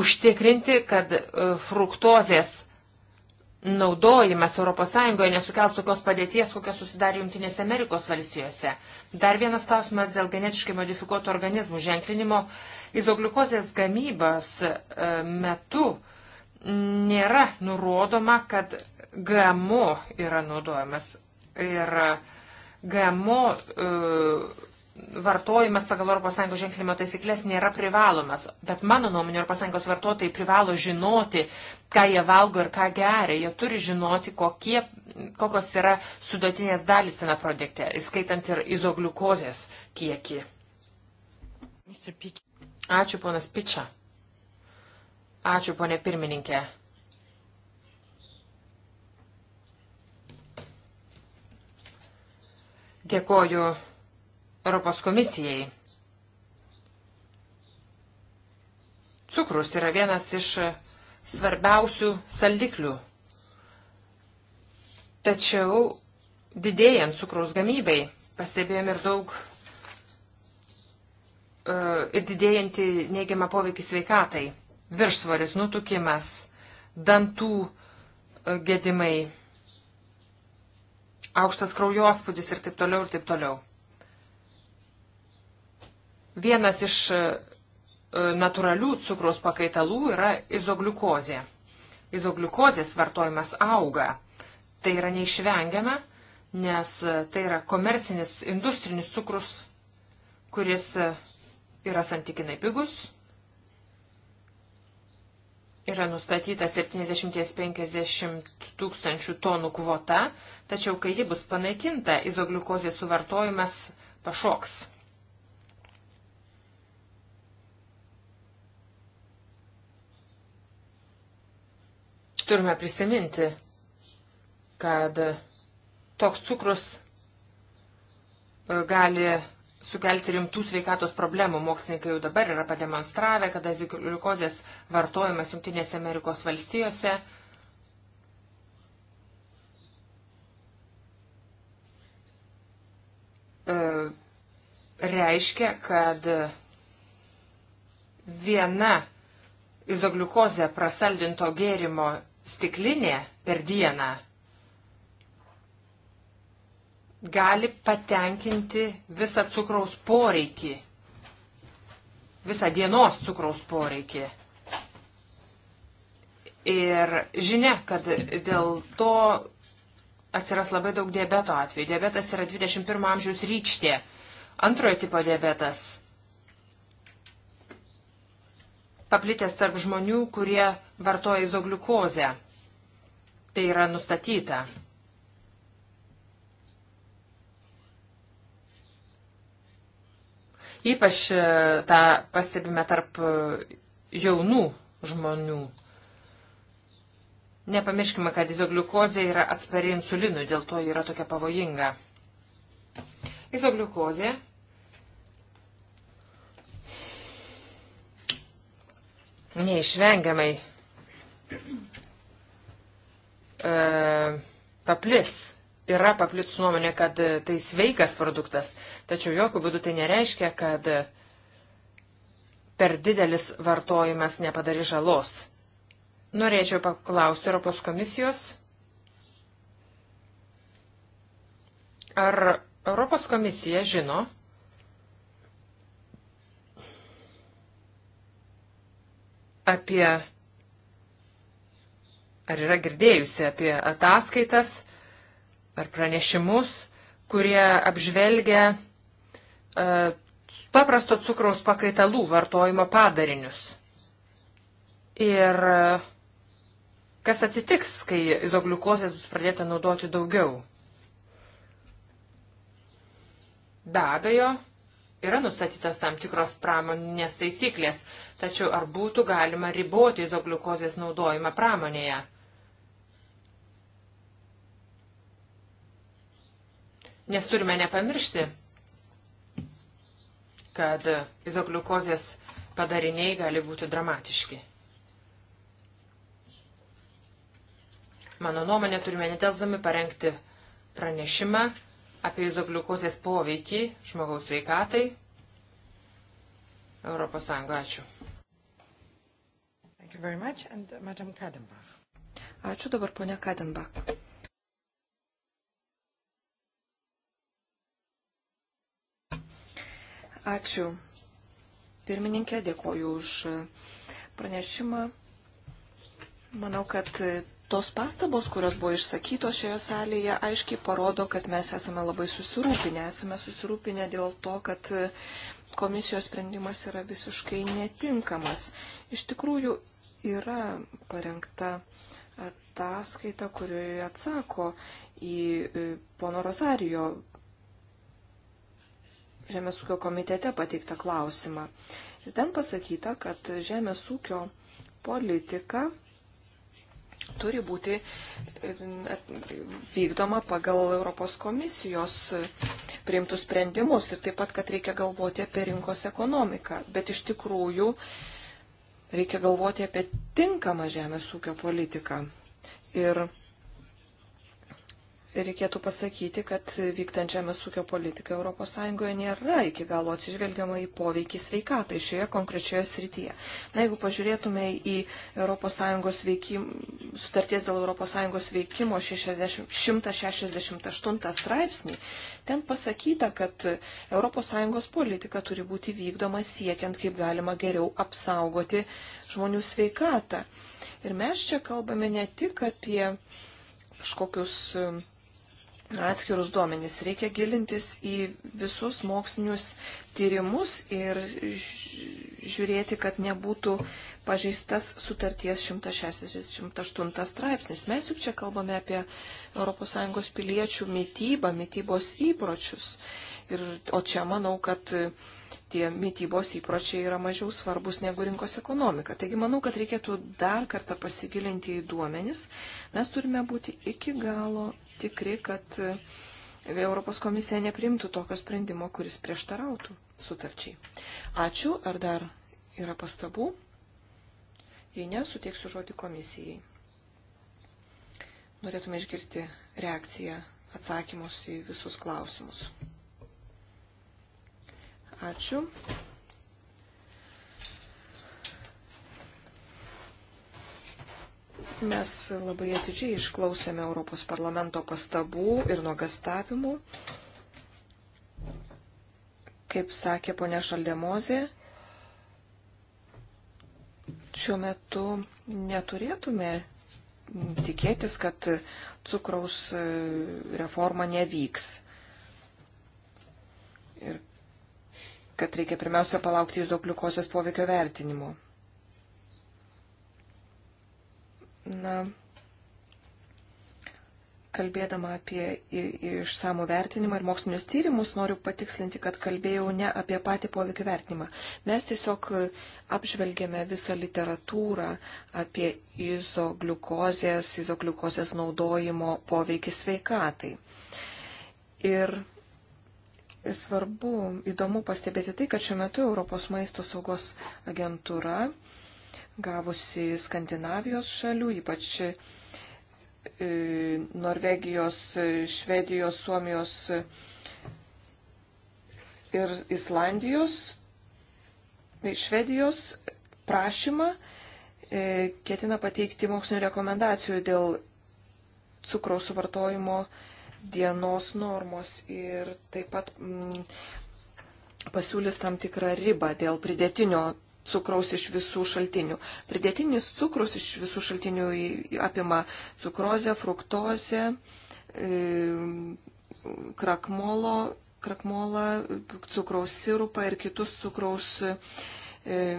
užtikrinti, kad e, fruktozės naudojimas ES nesukels tokios padėties, kokia susidarė Junktinėse Amerikos valstijose. Dar vienas klausimas dėl genetiškai modifikuotų organizmų ženklinimo. Izogliukozės gamybos e, metu nėra nurodoma, kad GMO yra naudojamas. Ir uh, GMO e, vartojimas pagal ES ženklimo taisyklės nėra privalomas, bet mano nuomonė ES vartotojai privalo žinoti, ką jie valgo ir ką geria. Jie turi žinoti, kokie, kokios yra sudatinės dalys tame projekte, įskaitant ir izogliukozės kiekį. Ačiū, ponas Pičia. Ačiū, ponė pirmininkė. Dėkoju Europos komisijai. Cukrus yra vienas iš svarbiausių saldiklių. Tačiau didėjant cukraus gamybai pastebėjom ir daug e, ir e, didėjantį neigiamą poveikį sveikatai. Viršsvoris, nutukimas, dantų e, gedimai aukštas kraujospūdis ir taip toliau ir taip toliau. Vienas iš e, natūralių cukraus pakaitalų yra izogliukozė. Izogliukozės vartojimas auga. Tai yra neišvengiama, nes e, tai yra komercinis industrinis cukrus, kuris e, yra santykinai pigus yra nustatyta 70-50 tūkstančių tonų kvota, tačiau kai ji bus panaikinta, izogliukozės suvartojimas pašoks. Turime prisiminti, kad toks cukrus e, gali sukelti rimtų sveikatos problemų. Mokslininkai jau dabar yra pademonstravę, kad azigliukozės vartojimas Junktinėse Amerikos valstijose e, reiškia, kad viena izogliukozė prasaldinto gėrimo stiklinė per dieną gali patenkinti visą cukraus poreikį, visą dienos cukraus poreikį. Ir žinia, kad dėl to atsiras labai daug diabeto atvejų. Diabetas yra 21 amžiaus rykštė. Antrojo tipo diabetas paplitęs tarp žmonių, kurie vartoja izogliukozę. Tai yra nustatyta. Ypač e, tą pastebime tarp e, jaunų žmonių. Nepamirškime, kad izogliukozė yra atspari insulinui, dėl to yra tokia pavojinga. Izogliukozė neišvengiamai e, paplis yra paplitus nuomonė, kad e, tai sveikas produktas, tačiau jokių būdų tai nereiškia, kad e, per didelis vartojimas nepadari žalos. Norėčiau paklausti Europos komisijos, ar Europos komisija žino, apie, ar yra girdėjusi apie ataskaitas, ar pranešimus, kurie apžvelgia e, paprasto cukraus pakaitalų vartojimo padarinius. Ir e, kas atsitiks, kai izogliukozės bus pradėta naudoti daugiau? Be abejo, yra nustatytos tam tikros pramoninės taisyklės, tačiau ar būtų galima riboti izogliukozės naudojimą pramonėje? Nes turime nepamiršti, kad izogliukozės padariniai gali būti dramatiški. Mano nuomonė, turime netelzami parengti pranešimą apie izogliukozės poveikį žmogaus sveikatai. Europos Sąjunga, ačiū. Uh, ačiū dabar, ponia Kadenbach. Ačiū. Pirmininkė, dėkoju už pranešimą. Manau, kad tos pastabos, kurios buvo išsakytos šioje salėje, aiškiai parodo, kad mes esame labai susirūpinę. Esame susirūpinę dėl to, kad komisijos sprendimas yra visiškai netinkamas. Iš tikrųjų, yra parengta ataskaita, kurioje atsako į pono Rosario Žemės ūkio komitete pateiktą klausimą. Ir ten pasakyta, kad žemės ūkio politika turi būti vykdoma pagal Europos komisijos priimtus sprendimus ir taip pat, kad reikia galvoti apie rinkos ekonomiką. Bet iš tikrųjų reikia galvoti apie tinkamą žemės ūkio politiką. Ir reikėtų pasakyti, kad vykdant žemės ūkio politiką ES nėra iki galo atsižvelgiama į poveikį sveikatai šioje konkrečioje srityje. Na, jeigu pažiūrėtume į ES veikim, sutarties dėl ES veikimo 60, 168 straipsnį, ten pasakyta, kad ES politika turi būti vykdoma siekiant, kaip galima geriau apsaugoti žmonių sveikatą. Ir mes čia kalbame ne tik apie kažkokius atskirus duomenys. Reikia gilintis į visus mokslinius tyrimus ir žiūrėti, kad nebūtų pažeistas sutarties 168 straipsnis. Mes juk čia kalbame apie ES piliečių mytybą, mytybos įpročius. Ir, o čia manau, kad tie mytybos įpročiai yra mažiau svarbus negu rinkos ekonomika. Taigi manau, kad reikėtų dar kartą pasigilinti į duomenis. Mes turime būti iki galo tikri, kad e, Europos komisija neprimtų tokio sprendimo, kuris prieštarautų sutarčiai. Ačiū. Ar dar yra pastabų? Jei ne, suteiksiu žodį komisijai. Norėtume išgirsti reakciją, atsakymus į visus klausimus. Ačiū. Mes labai atidžiai išklausėme Europos parlamento pastabų ir nuogastavimų. Kaip sakė ponia Šaldemozė, šiuo metu neturėtume tikėtis, kad cukraus reforma nevyks. Ir kad reikia pirmiausia palaukti izogliukozės poveikio vertinimo. na, kalbėdama apie išsamų vertinimą ir mokslinius tyrimus, noriu patikslinti, kad kalbėjau ne apie patį poveikį vertinimą. Mes tiesiog apžvelgėme visą literatūrą apie izogliukozės, izogliukozės naudojimo poveikį sveikatai. Ir svarbu, įdomu pastebėti tai, kad šiuo metu Europos maisto saugos agentūra gavusi Skandinavijos šalių, ypač e, Norvegijos, Švedijos, Suomijos ir Islandijos, Švedijos prašymą e, ketina pateikti mokslinio rekomendacijų dėl cukraus suvartojimo dienos normos ir taip pat mm, pasiūlys tam tikrą ribą dėl pridėtinio cukraus iš visų šaltinių. Pridėtinis cukrus iš visų šaltinių apima cukrozę, fruktozę, e, krakmolo, krakmolą, cukraus sirupą ir kitus cukraus e,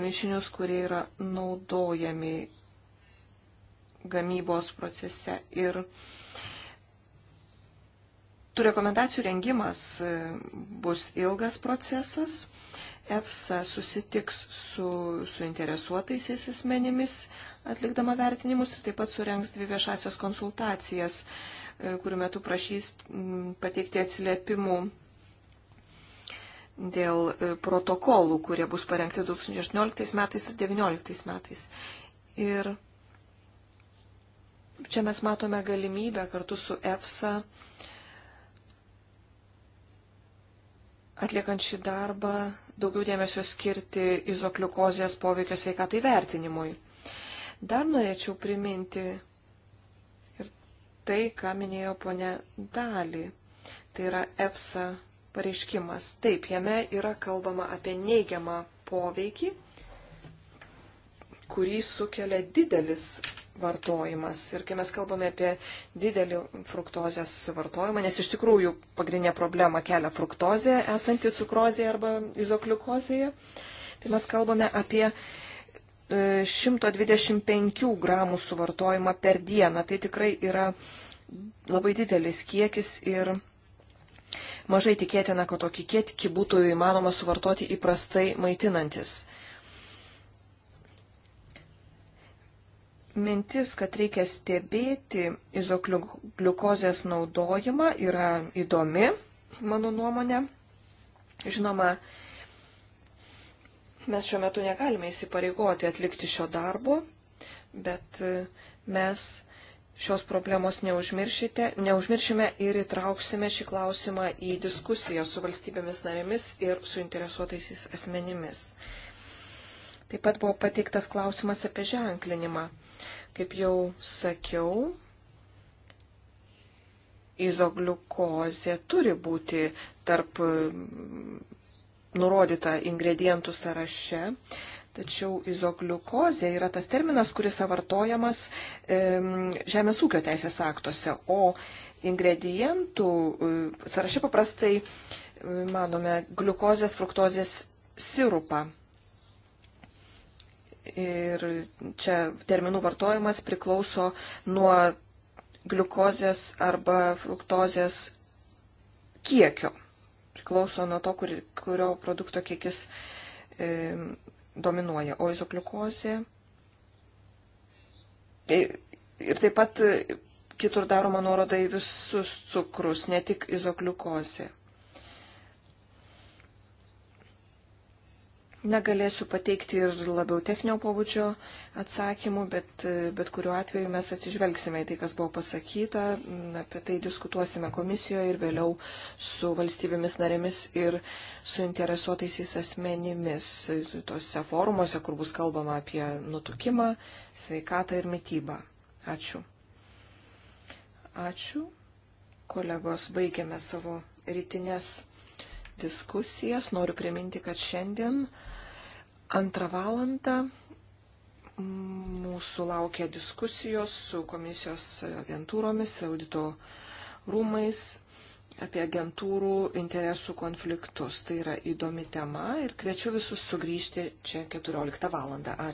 mišinius, kurie yra naudojami gamybos procese. Ir tų rekomendacijų rengimas e, bus ilgas procesas EFSA susitiks su suinteresuotaisiais asmenimis atlikdama vertinimus ir taip pat surengs dvi viešasias konsultacijas, e, kurių metu prašys mm, pateikti atsiliepimų dėl e, protokolų, kurie bus parengti 2018 metais ir 2019 metais. Ir čia mes matome galimybę kartu su EFSA atliekant šį darbą daugiau dėmesio skirti izokliukozės poveikio sveikatai vertinimui. Dar norėčiau priminti ir tai, ką minėjo ponė Dali. Tai yra EFSA pareiškimas. Taip, jame yra kalbama apie neigiamą poveikį, kurį sukelia didelis vartojimas. Ir kai mes kalbame apie didelį fruktozės vartojimą, nes iš tikrųjų pagrindinė problema kelia fruktozė esanti cukrozėje arba izokliukozėje, tai mes kalbame apie 125 e, gramų suvartojimą per dieną. Tai tikrai yra labai didelis kiekis ir mažai tikėtina, kad tokį kiekį būtų įmanoma suvartoti įprastai maitinantis. mintis, kad reikia stebėti izokliukozės naudojimą, yra įdomi, mano nuomonė. Žinoma, mes šiuo metu negalime įsipareigoti atlikti šio darbo, bet e, mes šios problemos neužmiršime ir įtrauksime šį klausimą į diskusiją su valstybėmis narėmis ir suinteresuotais asmenimis. Taip pat buvo pateiktas klausimas apie ženklinimą. Kaip jau sakiau, izogliukozė turi būti tarp mm, nurodyta ingredientų sąraše. Tačiau izogliukozė yra tas terminas, kuris vartojamas e, žemės ūkio teisės aktuose, o ingredientų e, sąraše paprastai, e, manome, gliukozės, fruktozės sirupą. Ir čia terminų vartojimas priklauso nuo gliukozės arba fruktozės kiekio. Priklauso nuo to, kur, kurio produkto kiekis e, dominuoja. O izogliukozė. E, ir taip pat e, kitur daroma nuoroda į visus cukrus, ne tik izogliukozė. Negalėsiu pateikti ir labiau techninio pobūdžio atsakymų, bet, bet kuriuo atveju mes atsižvelgsime į tai, kas buvo pasakyta, apie tai diskutuosime komisijoje ir vėliau su valstybėmis narėmis ir suinteresuotaisiais asmenimis tose forumuose, kur bus kalbama apie nutukimą, sveikatą ir mytybą. Ačiū. Ačiū. Kolegos, baigėme savo rytinės diskusijas. Noriu priminti, kad šiandien Antrą valandą mūsų laukia diskusijos su komisijos agentūromis, audito rūmais apie agentūrų interesų konfliktus. Tai yra įdomi tema ir kviečiu visus sugrįžti čia 14 valandą. Ačiū.